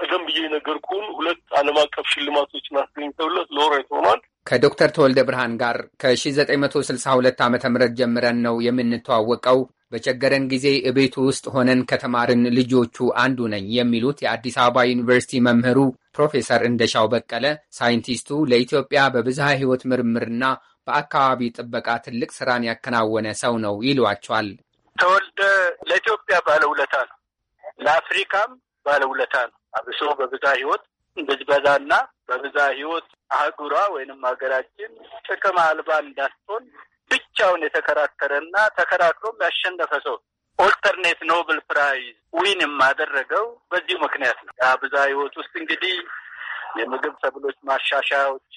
ቀደም ብዬ ነገርኩን ሁለት ዓለም አቀፍ ሽልማቶችን አስገኝተውለት ሎሬት ሆኗል። ከዶክተር ተወልደ ብርሃን ጋር ከ1962 ዓ ም ጀምረን ነው የምንተዋወቀው። በቸገረን ጊዜ እቤቱ ውስጥ ሆነን ከተማርን ልጆቹ አንዱ ነኝ የሚሉት የአዲስ አበባ ዩኒቨርሲቲ መምህሩ ፕሮፌሰር እንደሻው በቀለ ሳይንቲስቱ ለኢትዮጵያ በብዝሃ ሕይወት ምርምርና በአካባቢ ጥበቃ ትልቅ ስራን ያከናወነ ሰው ነው ይሏቸዋል። ተወልደ ለኢትዮጵያ ባለውለታ ነው፣ ለአፍሪካም ባለውለታ ነው። አብሶ በብዝሃ ሕይወት ብዝበዛና በብዛ ህይወት አህጉሯ ወይንም ሀገራችን ጥቅም አልባ እንዳትሆን ብቻውን የተከራከረና ተከራክሮም ያሸነፈ ሰው ኦልተርኔት ኖብል ፕራይዝ ዊን የማደረገው በዚሁ ምክንያት ነው። ብዛ ህይወት ውስጥ እንግዲህ የምግብ ሰብሎች ማሻሻያዎች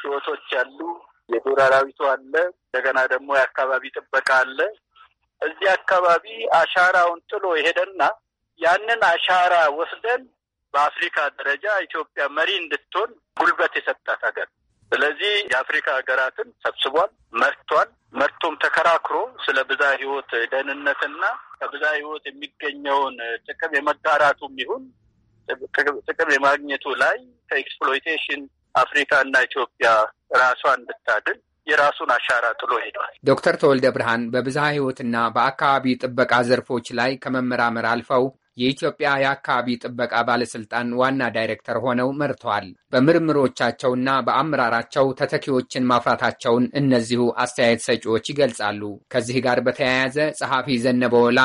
ህይወቶች ያሉ የዱር አራዊቱ አለ። እንደገና ደግሞ የአካባቢ ጥበቃ አለ። እዚህ አካባቢ አሻራውን ጥሎ ይሄደና ያንን አሻራ ወስደን በአፍሪካ ደረጃ ኢትዮጵያ መሪ እንድትሆን ጉልበት የሰጣት ሀገር። ስለዚህ የአፍሪካ ሀገራትን ሰብስቧል፣ መርቷል። መርቶም ተከራክሮ ስለ ብዛ ህይወት ደህንነትና ከብዛ ህይወት የሚገኘውን ጥቅም የመጋራቱም ይሁን ጥቅም የማግኘቱ ላይ ከኤክስፕሎይቴሽን አፍሪካ እና ኢትዮጵያ ራሷ እንድታድል የራሱን አሻራ ጥሎ ሄዷል። ዶክተር ተወልደ ብርሃን በብዝሃ ህይወትና በአካባቢ ጥበቃ ዘርፎች ላይ ከመመራመር አልፈው የኢትዮጵያ የአካባቢ ጥበቃ ባለስልጣን ዋና ዳይሬክተር ሆነው መርተዋል። በምርምሮቻቸውና በአመራራቸው ተተኪዎችን ማፍራታቸውን እነዚሁ አስተያየት ሰጪዎች ይገልጻሉ። ከዚህ ጋር በተያያዘ ጸሐፊ ዘነበወላ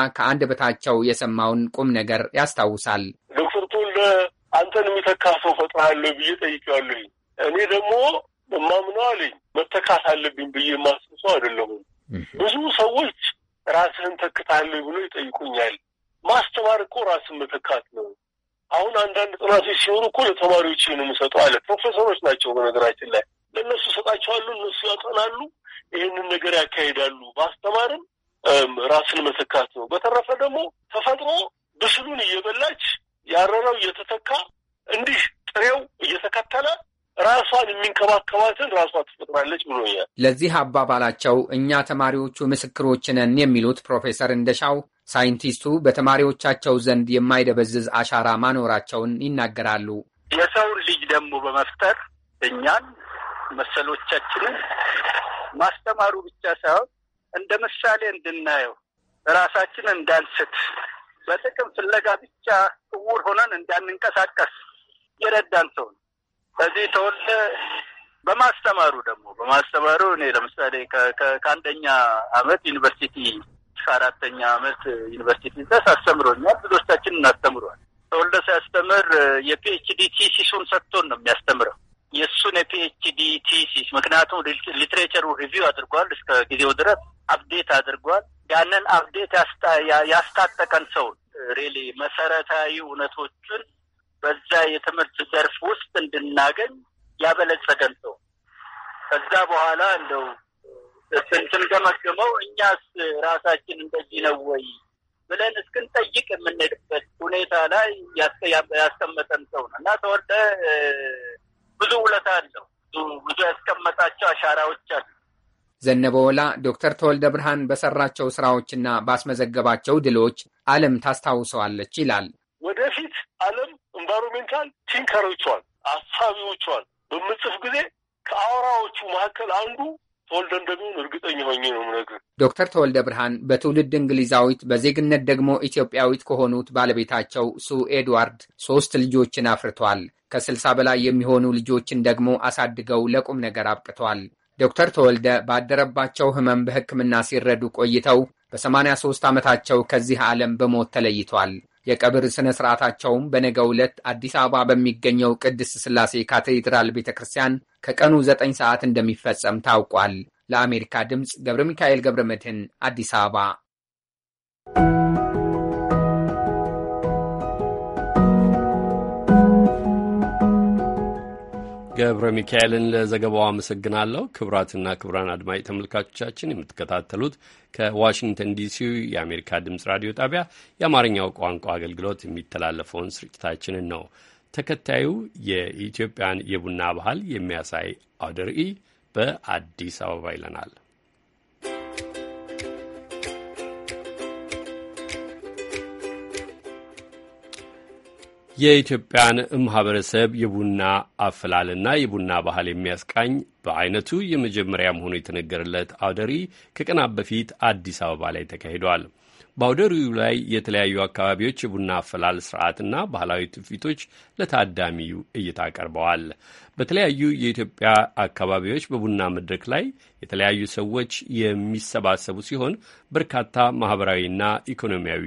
በታቸው የሰማውን ቁም ነገር ያስታውሳል። ዶክተር ቶለ አንተን የሚተካ ሰው ፈጥረሃል ብዬ ጠይቄዋለሁኝ። እኔ ደግሞ በማምነው አለኝ መተካት አለብኝ ብዬ የማስብ ሰው አይደለሁም። ብዙ ሰዎች ራስህን ተክታለ ብሎ ይጠይቁኛል። ማስተማር እኮ ራስን መተካት ነው። አሁን አንዳንድ ጥናቶች ሲሆኑ እኮ ለተማሪዎች ይህን የምሰጠው አለ ፕሮፌሰሮች ናቸው። በነገራችን ላይ ለእነሱ ሰጣቸዋሉ፣ እነሱ ያጠናሉ፣ ይህንን ነገር ያካሂዳሉ። ማስተማርም ራስን መተካት ነው። በተረፈ ደግሞ ተፈጥሮ ብስሉን እየበላች ያረረው እየተተካ እንዲህ ጥሬው እየተከተለ ራሷን የሚንከባከባትን ራሷ ትፈጥራለች ብሎኛል። ለዚህ አባባላቸው እኛ ተማሪዎቹ ምስክሮች ነን የሚሉት ፕሮፌሰር እንደሻው ሳይንቲስቱ በተማሪዎቻቸው ዘንድ የማይደበዝዝ አሻራ ማኖራቸውን ይናገራሉ። የሰውን ልጅ ደግሞ በመፍጠር እኛን መሰሎቻችንን ማስተማሩ ብቻ ሳይሆን እንደ ምሳሌ እንድናየው ራሳችን እንዳንስት በጥቅም ፍለጋ ብቻ እውር ሆነን እንዳንንቀሳቀስ የረዳን ሰው ነው። ከዚህ ተወልደ በማስተማሩ ደግሞ በማስተማሩ እኔ ለምሳሌ ከአንደኛ ዓመት ዩኒቨርሲቲ አራተኛ ዓመት ዩኒቨርሲቲ ድረስ አስተምሮኛል። ብዙዎቻችን እናስተምሯል። ተወልደ ሲያስተምር የፒኤችዲ ቲሲሱን ሰጥቶን ነው የሚያስተምረው የእሱን የፒኤችዲ ቲሲስ ምክንያቱም ሊትሬቸሩ ሪቪው አድርጓል። እስከ ጊዜው ድረስ አፕዴት አድርጓል። ያንን አፕዴት ያስታጠቀን ሰው ሬሊ መሰረታዊ እውነቶችን በዛ የትምህርት ዘርፍ ውስጥ እንድናገኝ ያበለጸገን ሰው ከዛ በኋላ እንደው ስንገመግመው እኛስ ራሳችን እንደዚህ ነው ወይ ብለን እስክንጠይቅ የምንሄድበት ሁኔታ ላይ ያስቀመጠን ሰው ነው እና ተወልደ ብዙ ውለታ አለው። ብዙ ያስቀመጣቸው አሻራዎች አሉ። ወላ ዶክተር ተወልደ ብርሃን በሰራቸው ስራዎችና ባስመዘገባቸው ድሎች ዓለም ታስታውሰዋለች ይላል። ወደፊት ዓለም ኢንቫይሮሜንታል ቲንከሮቿን አሳቢዎቿን በምጽፍ ጊዜ ከአውራዎቹ መካከል አንዱ ተወልደ እንደሚሆን እርግጠኛ ሆኜ ነው የምነግርህ። ዶክተር ተወልደ ብርሃን በትውልድ እንግሊዛዊት በዜግነት ደግሞ ኢትዮጵያዊት ከሆኑት ባለቤታቸው ሱ ኤድዋርድ ሶስት ልጆችን አፍርተዋል። ከስልሳ በላይ የሚሆኑ ልጆችን ደግሞ አሳድገው ለቁም ነገር አብቅተዋል። ዶክተር ተወልደ ባደረባቸው ህመም በሕክምና ሲረዱ ቆይተው በ83 ዓመታቸው ከዚህ ዓለም በሞት ተለይቷል። የቀብር ሥነ ሥርዓታቸውም በነገ ዕለት አዲስ አበባ በሚገኘው ቅድስት ሥላሴ ካቴድራል ቤተ ክርስቲያን ከቀኑ ዘጠኝ ሰዓት እንደሚፈጸም ታውቋል። ለአሜሪካ ድምፅ ገብረ ሚካኤል ገብረ መድህን አዲስ አበባ። ገብረ ሚካኤልን ለዘገባው አመሰግናለሁ። ክቡራትና ክቡራን አድማጭ ተመልካቾቻችን የምትከታተሉት ከዋሽንግተን ዲሲ የአሜሪካ ድምፅ ራዲዮ ጣቢያ የአማርኛው ቋንቋ አገልግሎት የሚተላለፈውን ስርጭታችንን ነው። ተከታዩ የኢትዮጵያን የቡና ባህል የሚያሳይ አውደ ርዕይ በአዲስ አበባ ይለናል። የኢትዮጵያን ማህበረሰብ የቡና አፈላልና የቡና ባህል የሚያስቃኝ በአይነቱ የመጀመሪያ መሆኑ የተነገረለት አውደሪ ከቀናት በፊት አዲስ አበባ ላይ ተካሂዷል። በአውደ ርዕዩ ላይ የተለያዩ አካባቢዎች የቡና አፈላል ስርዓትና ባህላዊ ትውፊቶች ለታዳሚው እይታ ቀርበዋል። በተለያዩ የኢትዮጵያ አካባቢዎች በቡና መድረክ ላይ የተለያዩ ሰዎች የሚሰባሰቡ ሲሆን በርካታ ማኅበራዊና ኢኮኖሚያዊ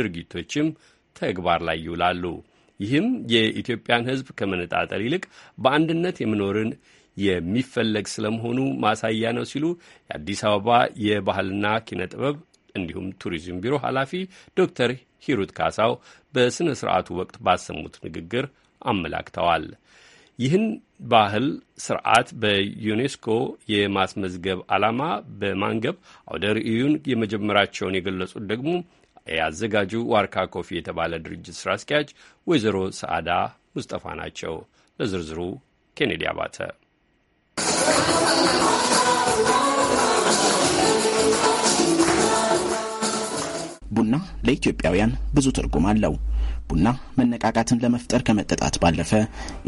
ድርጊቶችም ተግባር ላይ ይውላሉ። ይህም የኢትዮጵያን ሕዝብ ከመነጣጠል ይልቅ በአንድነት የመኖርን የሚፈለግ ስለመሆኑ ማሳያ ነው ሲሉ የአዲስ አበባ የባህልና ኪነ ጥበብ እንዲሁም ቱሪዝም ቢሮ ኃላፊ ዶክተር ሂሩት ካሳው በሥነ ሥርዓቱ ወቅት ባሰሙት ንግግር አመላክተዋል። ይህን ባህል ስርዓት በዩኔስኮ የማስመዝገብ ዓላማ በማንገብ አውደ ርዕዩን የመጀመራቸውን የገለጹት ደግሞ ያዘጋጁ ዋርካ ኮፊ የተባለ ድርጅት ስራ አስኪያጅ ወይዘሮ ሰዓዳ ሙስጠፋ ናቸው። ለዝርዝሩ ኬኔዲ አባተ ቡና ለኢትዮጵያውያን ብዙ ትርጉም አለው። ቡና መነቃቃትን ለመፍጠር ከመጠጣት ባለፈ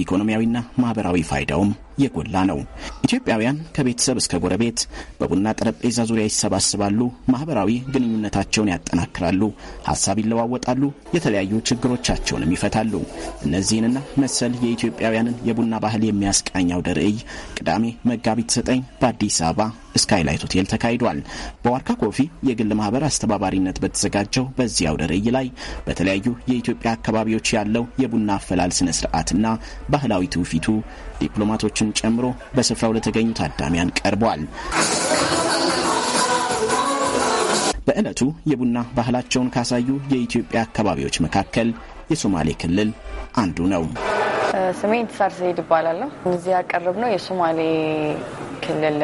ኢኮኖሚያዊና ማህበራዊ ፋይዳውም የጎላ ነው። ኢትዮጵያውያን ከቤተሰብ እስከ ጎረቤት በቡና ጠረጴዛ ዙሪያ ይሰባስባሉ፣ ማህበራዊ ግንኙነታቸውን ያጠናክራሉ፣ ሀሳብ ይለዋወጣሉ፣ የተለያዩ ችግሮቻቸውንም ይፈታሉ። እነዚህንና መሰል የኢትዮጵያውያንን የቡና ባህል የሚያስቃኝ አውደ ርዕይ ቅዳሜ መጋቢት ዘጠኝ በአዲስ አበባ ስካይላይት ሆቴል ተካሂዷል። በዋርካ ኮፊ የግል ማህበር አስተባባሪነት በተዘጋጀው በዚህ አውደ ርዕይ ላይ በተለያዩ የኢትዮጵያ አካባቢዎች ያለው የቡና አፈላል ስነ ስርዓትና ባህላዊ ትውፊቱ ዲፕሎማቶችን ዳኛውን ጨምሮ በስፍራው ለተገኙ ታዳሚያን ቀርበዋል። በዕለቱ የቡና ባህላቸውን ካሳዩ የኢትዮጵያ አካባቢዎች መካከል የሶማሌ ክልል አንዱ ነው። ስሜ ኢንትሳር ዘይድ ይባላለሁ። እዚህ ያቀርብ ነው የሶማሌ ክልል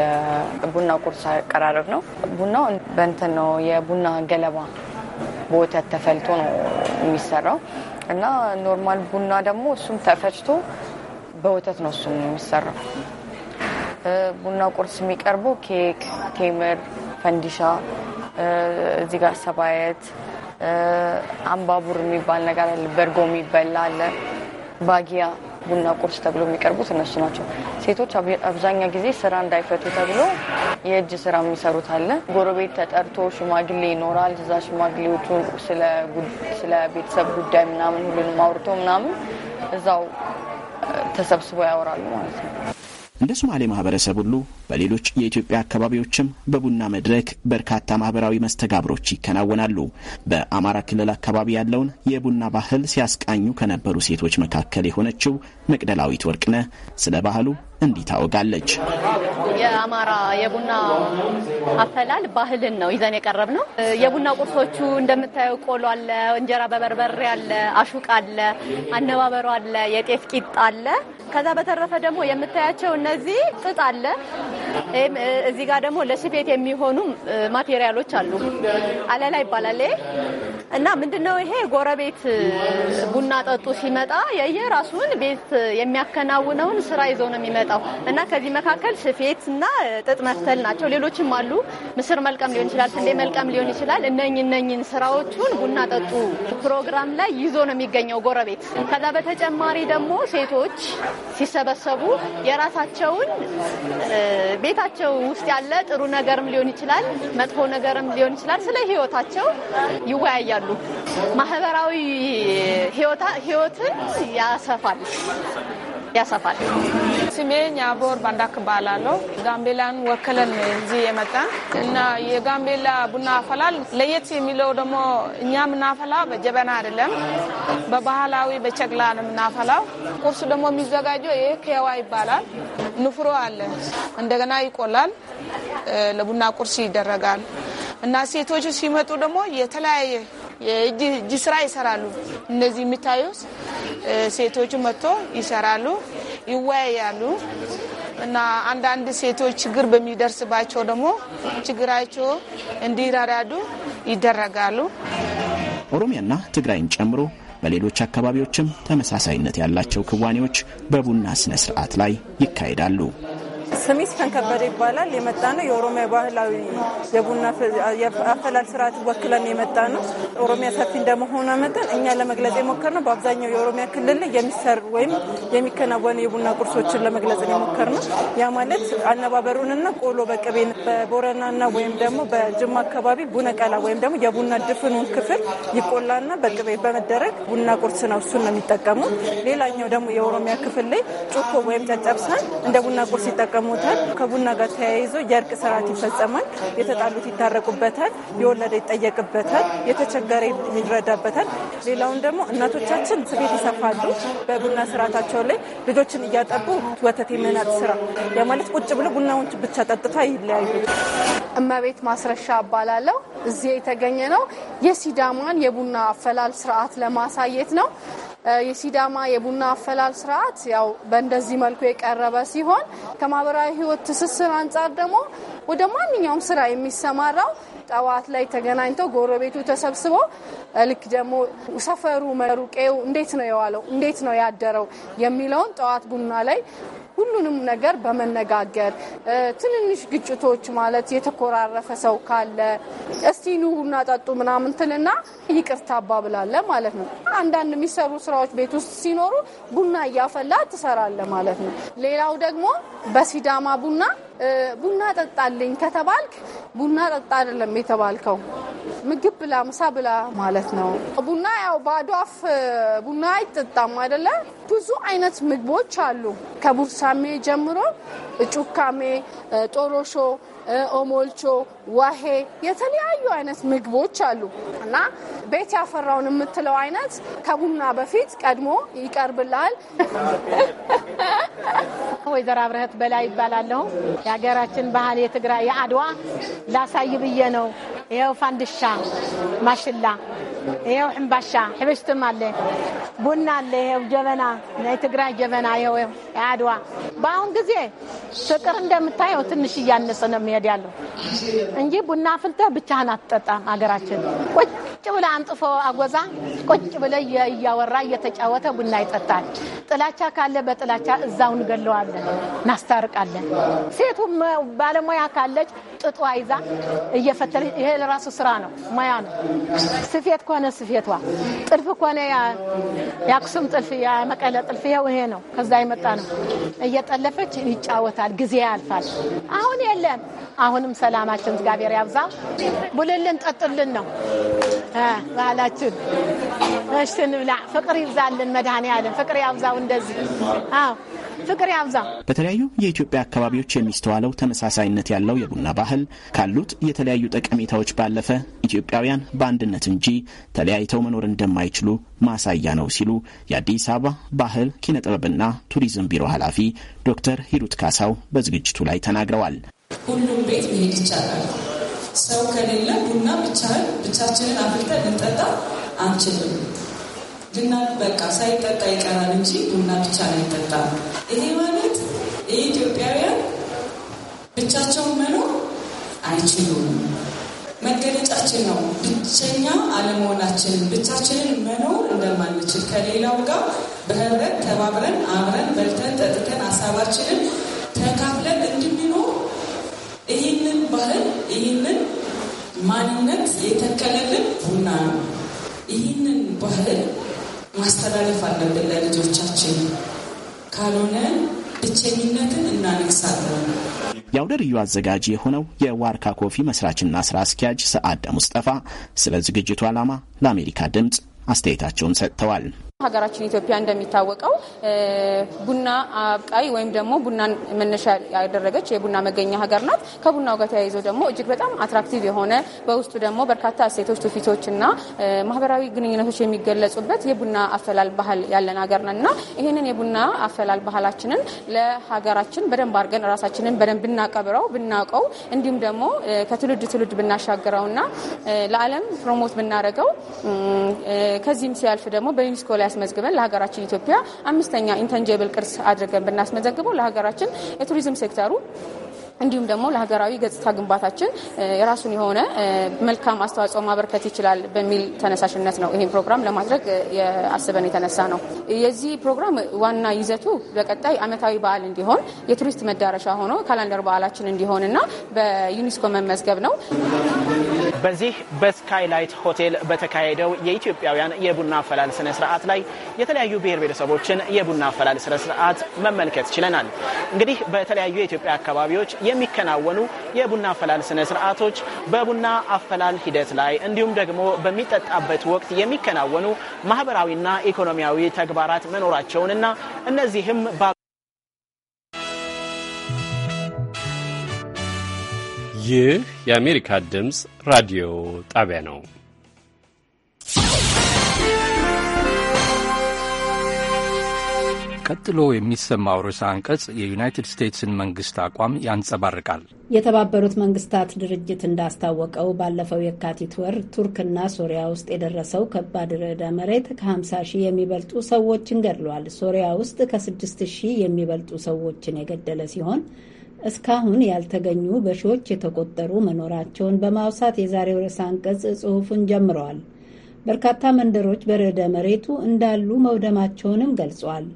ቡና ቁርስ አቀራረብ ነው። ቡናው በእንትን ነው የቡና ገለባ በወተት ተፈልቶ ነው የሚሰራው እና ኖርማል ቡና ደግሞ እሱም ተፈጭቶ በወተት ነው እሱ የሚሰራው። ቡና ቁርስ የሚቀርበው ኬክ፣ ቴምር፣ ፈንዲሻ እዚህ ጋር ሰባየት አምባቡር የሚባል ነገር አለ። በርጎ የሚበላ አለ። ባጊያ ቡና ቁርስ ተብሎ የሚቀርቡት እነሱ ናቸው። ሴቶች አብዛኛ ጊዜ ስራ እንዳይፈቱ ተብሎ የእጅ ስራ የሚሰሩት አለ። ጎረቤት ተጠርቶ ሽማግሌ ይኖራል። እዛ ሽማግሌዎቹ ስለ ቤተሰብ ጉዳይ ምናምን ሁሉንም አውርቶ ምናምን እዛው ተሰብስቦ ያወራሉ ማለት ነው። እንደ ሶማሌ ማህበረሰብ ሁሉ በሌሎች የኢትዮጵያ አካባቢዎችም በቡና መድረክ በርካታ ማህበራዊ መስተጋብሮች ይከናወናሉ። በአማራ ክልል አካባቢ ያለውን የቡና ባህል ሲያስቃኙ ከነበሩ ሴቶች መካከል የሆነችው መቅደላዊት ወርቅነ ስለ ባህሉ እንዲህ ታወጋለች። የአማራ የቡና አፈላል ባህልን ነው ይዘን የቀረብ ነው። የቡና ቁርሶቹ እንደምታየው ቆሎ አለ፣ እንጀራ በበርበሬ አለ፣ አሹቅ አለ፣ አነባበሩ አለ፣ የጤፍ ቂጣ አለ። ከዛ በተረፈ ደግሞ የምታያቸው እነዚህ ጥጥ አለ። እዚህ ጋር ደግሞ ለስፌት የሚሆኑ ማቴሪያሎች አሉ። አለላ ይባላል እና ምንድነው ይሄ ጎረቤት ቡና ጠጡ ሲመጣ የየራሱን ቤት የሚያከናውነውን ስራ ይዞ ነው የሚመጣው እና ከዚህ መካከል ስፌት እና ጥጥ መፍተል ናቸው። ሌሎችም አሉ። ምስር መልቀም ሊሆን ይችላል፣ ስንዴ መልቀም ሊሆን ይችላል። እነኝ እነኝን ስራዎቹን ቡና ጠጡ ፕሮግራም ላይ ይዞ ነው የሚገኘው ጎረቤት። ከዛ በተጨማሪ ደግሞ ሴቶች ሲሰበሰቡ የራሳቸውን ቤታቸው ውስጥ ያለ ጥሩ ነገርም ሊሆን ይችላል፣ መጥፎ ነገርም ሊሆን ይችላል። ስለ ህይወታቸው ይወያያሉ። ማህበራዊ ህይወትን ያሰፋል ያሰፋል። ስሜ ኛቦር ባንዳክ ባላለው ጋምቤላን ወክለን እዚህ የመጣን እና የጋምቤላ ቡና አፈላል ለየት የሚለው ደግሞ እኛ የምናፈላ በጀበና አይደለም፣ በባህላዊ በቸግላ ነው የምናፈላው። ቁርስ ደግሞ የሚዘጋጀው ይሄ ኬዋ ይባላል። ንፍሮ አለ፣ እንደገና ይቆላል፣ ለቡና ቁርስ ይደረጋል እና ሴቶች ሲመጡ ደግሞ የተለያየ የእጅ ስራ ይሰራሉ። እነዚህ የሚታዩት ሴቶች መጥቶ ይሰራሉ፣ ይወያያሉ እና አንዳንድ ሴቶች ችግር በሚደርስባቸው ደግሞ ችግራቸው እንዲራዳዱ ይደረጋሉ። ኦሮሚያና ትግራይን ጨምሮ በሌሎች አካባቢዎችም ተመሳሳይነት ያላቸው ክዋኔዎች በቡና ስነ ስርዓት ላይ ይካሄዳሉ። ስሜ ሲፈን ከበደ ይባላል። የመጣ ነው የኦሮሚያ ባህላዊ የቡና አፈላል ስርዓት ወክለን የመጣ ነው። ኦሮሚያ ሰፊ እንደመሆኗ መጠን እኛ ለመግለጽ የሞከርነው በአብዛኛው የኦሮሚያ ክልል ላይ ወይም የሚከናወኑ የቡና ቁርሶችን ለመግለጽ የሞከርነው ያ ማለት አነባበሩንና ቆሎ በቅቤ በቦረናና ወይም ደግሞ በጅማ አካባቢ ቡነቀላ ወይም ደግሞ የቡና ድፍኑን ክፍል ይቆላና በቅቤ በመደረግ ቡና ቁርስ ነው። እሱን ነው የሚጠቀሙ። ሌላኛው ደግሞ የኦሮሚያ ክፍል ላይ ጩኮ ወይም ጨጨብሳን እንደ ቡና ቁርስ ይጠቀሙ ይጠቀሙታል። ከቡና ጋር ተያይዞ የእርቅ ስርዓት ይፈጸማል። የተጣሉት ይታረቁበታል። የወለደ ይጠየቅበታል። የተቸገረ ይረዳበታል። ሌላውን ደግሞ እናቶቻችን ስፌት ይሰፋሉ። በቡና ስርዓታቸው ላይ ልጆችን እያጠቡ ወተት የመናት ስራ የማለት ቁጭ ብሎ ቡናውን ብቻ ጠጥታ ይለያዩ። እመቤት ማስረሻ እባላለሁ። እዚህ የተገኘ ነው የሲዳማን የቡና አፈላል ስርዓት ለማሳየት ነው። የሲዳማ የቡና አፈላል ስርዓት ያው በእንደዚህ መልኩ የቀረበ ሲሆን ከማህበራዊ ህይወት ትስስር አንጻር ደግሞ ወደ ማንኛውም ስራ የሚሰማራው ጠዋት ላይ ተገናኝተው ጎረቤቱ ተሰብስቦ ልክ ደግሞ ሰፈሩ መሩቄው እንዴት ነው የዋለው እንዴት ነው ያደረው የሚለውን ጠዋት ቡና ላይ ሁሉንም ነገር በመነጋገር ትንንሽ ግጭቶች ማለት የተኮራረፈ ሰው ካለ እስቲ ኑ ቡና ጠጡ ምናምን ትልና ይቅርታ አባብላለ ማለት ነው። አንዳንድ የሚሰሩ ስራዎች ቤት ውስጥ ሲኖሩ ቡና እያፈላ ትሰራለ ማለት ነው። ሌላው ደግሞ በሲዳማ ቡና ቡና ጠጣልኝ ከተባልክ ቡና ጠጣ አይደለም የተባልከው፣ ምግብ ብላ፣ ምሳ ብላ ማለት ነው። ቡና ያው ባዶ አፍ ቡና አይጠጣም አይደለ? ብዙ አይነት ምግቦች አሉ። ከቡርሳሜ ጀምሮ ጩካሜ፣ ጦሮሾ፣ ኦሞልቾ ዋሄ የተለያዩ አይነት ምግቦች አሉ እና ቤት ያፈራውን የምትለው አይነት ከቡና በፊት ቀድሞ ይቀርብላል። ወይዘሮ አብረህት በላይ ይባላለሁ። የሀገራችን ባህል የትግራይ የአድዋ ላሳይ ብዬ ነው። ይኸው ፋንድሻ፣ ማሽላ፣ ይኸው ሕምባሻ፣ ሕብሽትም አለ፣ ቡና አለ፣ ይኸው ጀበና፣ ናይ ትግራይ ጀበና፣ ይኸው የአድዋ በአሁን ጊዜ ፍቅር እንደምታየው ትንሽ እያነሰ ነው የሚሄድ ያለው እንጂ ቡና ፍልተ ብቻህን አትጠጣም። ሀገራችን ቁጭ ብለ አንጥፎ አጎዛ ቁጭ ብለ እያወራ እየተጫወተ ቡና ይጠጣል። ጥላቻ ካለ በጥላቻ እዛው እንገለዋለን፣ እናስታርቃለን። ሴቱም ባለሙያ ካለች ጥጧ ይዛ እየፈተለች ይሄ ለራሱ ስራ ነው፣ ሙያ ነው። ስፌት ከሆነ ስፌቷ፣ ጥልፍ ከሆነ የአክሱም ጥልፍ፣ የመቀለ ጥልፍ ይኸው ይሄ ነው። ከዛ የመጣ ነው። እየጠለፈች ይጫወታል፣ ጊዜ ያልፋል። አሁን የለም። አሁንም ሰላማችን እግዚአብሔር ያብዛ ቡልልን ጠጡልን ነው ባህላችን። እሺ እንብላ። ፍቅር ይብዛልን መድኃኔ ዓለም ፍቅር ያብዛው። እንደዚህ ፍቅር ያብዛ። በተለያዩ የኢትዮጵያ አካባቢዎች የሚስተዋለው ተመሳሳይነት ያለው የቡና ባህል ካሉት የተለያዩ ጠቀሜታዎች ባለፈ ኢትዮጵያውያን በአንድነት እንጂ ተለያይተው መኖር እንደማይችሉ ማሳያ ነው ሲሉ የአዲስ አበባ ባህል ኪነጥበብና ቱሪዝም ቢሮ ኃላፊ ዶክተር ሂሩት ካሳው በዝግጅቱ ላይ ተናግረዋል። ሁሉም ቤት መሄድ ይቻላል። ሰው ከሌለ ቡና ብቻህን ብቻችንን አፍልተን ልንጠጣ አንችልም። ቡና በቃ ሳይጠጣ ይቀራል እንጂ ቡና ብቻ ነው ይጠጣ። ይሄ ማለት የኢትዮጵያውያን ብቻቸውን መኖር አይችሉም። መገለጫችን ነው ብቸኛ አለመሆናችንን፣ ብቻችንን መኖር እንደማንችል ከሌላው ጋር በህብረት ተባብረን አብረን በልተን ጠጥተን ሀሳባችንን ተካፍለን እንድንኖር ይህንን ባህል ይህንን ማንነት የተከለልን ቡና ነው። ይህንን ባህል ማስተላለፍ አለብን ለልጆቻችን። ካልሆነ ብቸኝነትን እናነግሳለን። የአውደ አዘጋጅ የሆነው የዋርካ ኮፊ መስራችና ስራ አስኪያጅ ሰአዳ ሙስጠፋ ስለ ዝግጅቱ ዓላማ ለአሜሪካ ድምፅ አስተያየታቸውን ሰጥተዋል። ሀገራችን ኢትዮጵያ እንደሚታወቀው ቡና አብቃይ ወይም ደግሞ ቡናን መነሻ ያደረገች የቡና መገኛ ሀገር ናት። ከቡናው ጋር ተያይዞ ደግሞ እጅግ በጣም አትራክቲቭ የሆነ በውስጡ ደግሞ በርካታ እሴቶች፣ ትውፊቶች እና ማህበራዊ ግንኙነቶች የሚገለጹበት የቡና አፈላል ባህል ያለን ሀገር ነን እና ይህንን የቡና አፈላል ባህላችንን ለሀገራችን በደንብ አድርገን ራሳችንን በደንብ ብናቀብረው ብናውቀው፣ እንዲሁም ደግሞ ከትውልድ ትውልድ ብናሻግረው እና ለዓለም ፕሮሞት ብናደርገው ከዚህም ሲያልፍ ደግሞ በዩኒስኮ ላይ አስመዝግበን ለሀገራችን ኢትዮጵያ አምስተኛ ኢንተንጀብል ቅርስ አድርገን ብናስመዘግበው ለሀገራችን የቱሪዝም ሴክተሩ እንዲሁም ደግሞ ለሀገራዊ ገጽታ ግንባታችን የራሱን የሆነ መልካም አስተዋጽኦ ማበርከት ይችላል በሚል ተነሳሽነት ነው ይህን ፕሮግራም ለማድረግ አስበን የተነሳ ነው። የዚህ ፕሮግራም ዋና ይዘቱ በቀጣይ ዓመታዊ በዓል እንዲሆን የቱሪስት መዳረሻ ሆኖ ካላንደር በዓላችን እንዲሆን እና በዩኒስኮ መመዝገብ ነው። በዚህ በስካይላይት ሆቴል በተካሄደው የኢትዮጵያውያን የቡና አፈላል ስነ ስርዓት ላይ የተለያዩ ብሔር ብሔረሰቦችን የቡና አፈላል ስነ ስርዓት መመልከት ችለናል። እንግዲህ በተለያዩ የኢትዮጵያ አካባቢዎች የሚከናወኑ የቡና አፈላል ስነ ስርዓቶች፣ በቡና አፈላል ሂደት ላይ እንዲሁም ደግሞ በሚጠጣበት ወቅት የሚከናወኑ ማህበራዊና ኢኮኖሚያዊ ተግባራት መኖራቸውንና እነዚህም ይህ የአሜሪካ ድምፅ ራዲዮ ጣቢያ ነው። ቀጥሎ የሚሰማው ርዕሰ አንቀጽ የዩናይትድ ስቴትስን መንግስት አቋም ያንጸባርቃል። የተባበሩት መንግስታት ድርጅት እንዳስታወቀው ባለፈው የካቲት ወር ቱርክና ሶሪያ ውስጥ የደረሰው ከባድ ርዕደ መሬት ከ50 ሺህ የሚበልጡ ሰዎችን ገድሏል። ሶሪያ ውስጥ ከ6 ሺህ የሚበልጡ ሰዎችን የገደለ ሲሆን እስካሁን ያልተገኙ በሺዎች የተቆጠሩ መኖራቸውን በማውሳት የዛሬው ርዕሰ አንቀጽ ጽሑፉን ጀምረዋል። በርካታ መንደሮች በርዕደ መሬቱ እንዳሉ መውደማቸውንም ገልጿል።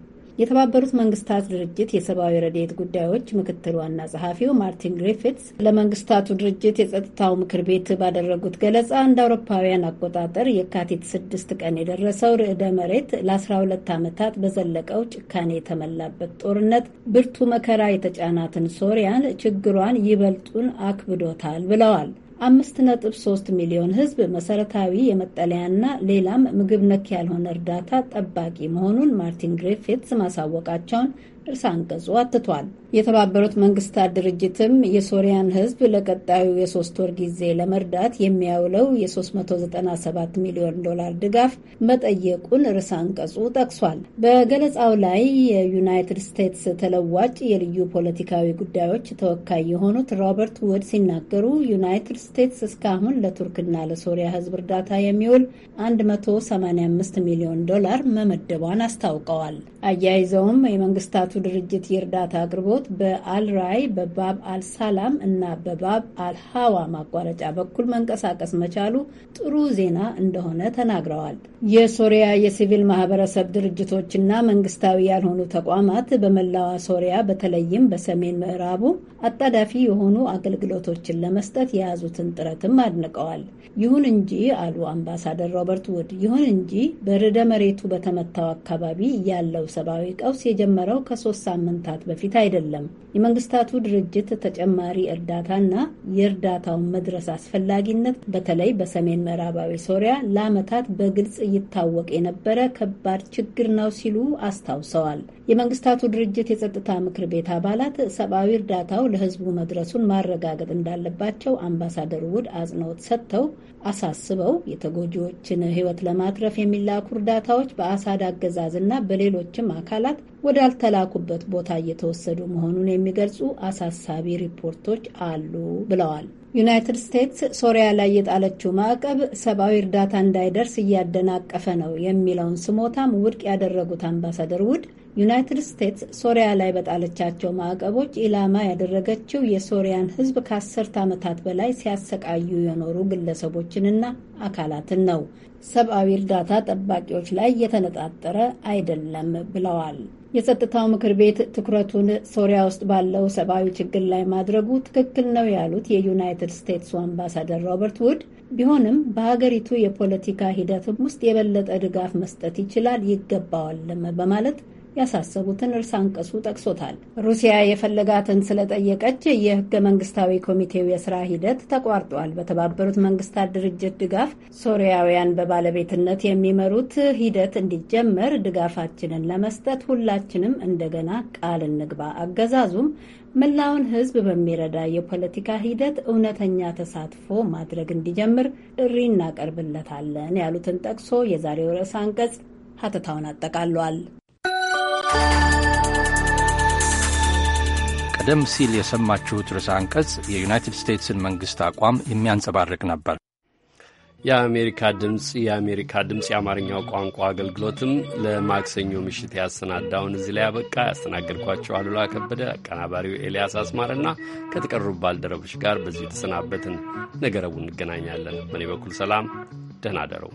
የተባበሩት መንግስታት ድርጅት የሰብአዊ ረድኤት ጉዳዮች ምክትል ዋና ጸሐፊው ማርቲን ግሪፊትስ ለመንግስታቱ ድርጅት የጸጥታው ምክር ቤት ባደረጉት ገለጻ እንደ አውሮፓውያን አቆጣጠር የካቲት ስድስት ቀን የደረሰው ርዕደ መሬት ለ12 ዓመታት በዘለቀው ጭካኔ የተመላበት ጦርነት ብርቱ መከራ የተጫናትን ሶሪያን ችግሯን ይበልጡን አክብዶታል ብለዋል። አምስት ነጥብ ሶስት ሚሊዮን ህዝብ መሰረታዊ የመጠለያና ሌላም ምግብ ነክ ያልሆነ እርዳታ ጠባቂ መሆኑን ማርቲን ግሪፊትስ ማሳወቃቸውን እርሳ አንቀጹ አትቷል። የተባበሩት መንግስታት ድርጅትም የሶሪያን ህዝብ ለቀጣዩ የሶስት ወር ጊዜ ለመርዳት የሚያውለው የ397 ሚሊዮን ዶላር ድጋፍ መጠየቁን ርዕሰ አንቀጹ ጠቅሷል። በገለጻው ላይ የዩናይትድ ስቴትስ ተለዋጭ የልዩ ፖለቲካዊ ጉዳዮች ተወካይ የሆኑት ሮበርት ውድ ሲናገሩ ዩናይትድ ስቴትስ እስካሁን ለቱርክና ለሶሪያ ህዝብ እርዳታ የሚውል 185 ሚሊዮን ዶላር መመደቧን አስታውቀዋል። አያይዘውም የመንግስታቱ ድርጅት የእርዳታ አቅርቦ አገልግሎት በአልራይ በባብ አልሳላም እና በባብ አልሃዋ ማቋረጫ በኩል መንቀሳቀስ መቻሉ ጥሩ ዜና እንደሆነ ተናግረዋል። የሶሪያ የሲቪል ማህበረሰብ ድርጅቶችና መንግስታዊ ያልሆኑ ተቋማት በመላዋ ሶሪያ በተለይም በሰሜን ምዕራቡ አጣዳፊ የሆኑ አገልግሎቶችን ለመስጠት የያዙትን ጥረትም አድንቀዋል። ይሁን እንጂ አሉ አምባሳደር ሮበርት ውድ፣ ይሁን እንጂ በርዕደ መሬቱ በተመታው አካባቢ ያለው ሰብአዊ ቀውስ የጀመረው ከሶስት ሳምንታት በፊት አይደለም። የመንግስታቱ ድርጅት ተጨማሪ እርዳታና የእርዳታውን መድረስ አስፈላጊነት በተለይ በሰሜን ምዕራባዊ ሶሪያ ለዓመታት በግልጽ ይታወቅ የነበረ ከባድ ችግር ነው ሲሉ አስታውሰዋል። የመንግስታቱ ድርጅት የጸጥታ ምክር ቤት አባላት ሰብአዊ እርዳታው ለህዝቡ መድረሱን ማረጋገጥ እንዳለባቸው አምባሳደር ውድ አጽንኦት ሰጥተው አሳስበው የተጎጂዎችን ህይወት ለማትረፍ የሚላኩ እርዳታዎች በአሳድ አገዛዝ ና በሌሎችም አካላት ወዳልተላኩበት ቦታ እየተወሰዱ መሆኑን የሚገልጹ አሳሳቢ ሪፖርቶች አሉ ብለዋል። ዩናይትድ ስቴትስ ሶሪያ ላይ የጣለችው ማዕቀብ ሰብአዊ እርዳታ እንዳይደርስ እያደናቀፈ ነው የሚለውን ስሞታም ውድቅ ያደረጉት አምባሳደር ውድ ዩናይትድ ስቴትስ ሶሪያ ላይ በጣለቻቸው ማዕቀቦች ኢላማ ያደረገችው የሶሪያን ሕዝብ ከአስርት ዓመታት በላይ ሲያሰቃዩ የኖሩ ግለሰቦችንና አካላትን ነው። ሰብአዊ እርዳታ ጠባቂዎች ላይ እየተነጣጠረ አይደለም ብለዋል። የጸጥታው ምክር ቤት ትኩረቱን ሶሪያ ውስጥ ባለው ሰብአዊ ችግር ላይ ማድረጉ ትክክል ነው ያሉት የዩናይትድ ስቴትሱ አምባሳደር ሮበርት ውድ፣ ቢሆንም በሀገሪቱ የፖለቲካ ሂደትም ውስጥ የበለጠ ድጋፍ መስጠት ይችላል ይገባዋልም በማለት ያሳሰቡትን እርስ አንቀሱ ጠቅሶታል። ሩሲያ የፈለጋትን ስለጠየቀች የህገ መንግስታዊ ኮሚቴው የስራ ሂደት ተቋርጧል። በተባበሩት መንግስታት ድርጅት ድጋፍ ሶሪያውያን በባለቤትነት የሚመሩት ሂደት እንዲጀመር ድጋፋችንን ለመስጠት ሁላችንም እንደገና ቃል እንግባ። አገዛዙም መላውን ህዝብ በሚረዳ የፖለቲካ ሂደት እውነተኛ ተሳትፎ ማድረግ እንዲጀምር ጥሪ እናቀርብለታለን ያሉትን ጠቅሶ የዛሬው ርዕሰ አንቀጽ ሀተታውን አጠቃሏል። ቀደም ሲል የሰማችሁት ርዕሰ አንቀጽ የዩናይትድ ስቴትስን መንግሥት አቋም የሚያንጸባርቅ ነበር። የአሜሪካ ድምፅ የአሜሪካ ድምፅ የአማርኛው ቋንቋ አገልግሎትም ለማክሰኞ ምሽት ያሰናዳውን እዚህ ላይ አበቃ። ያስተናገድኳቸው አሉላ ከበደ፣ አቀናባሪው ኤልያስ አስማርና ከተቀሩ ባልደረቦች ጋር በዚሁ የተሰናበትን። ነገ ረቡዕ እንገናኛለን። በእኔ በኩል ሰላም፣ ደህና አደረው።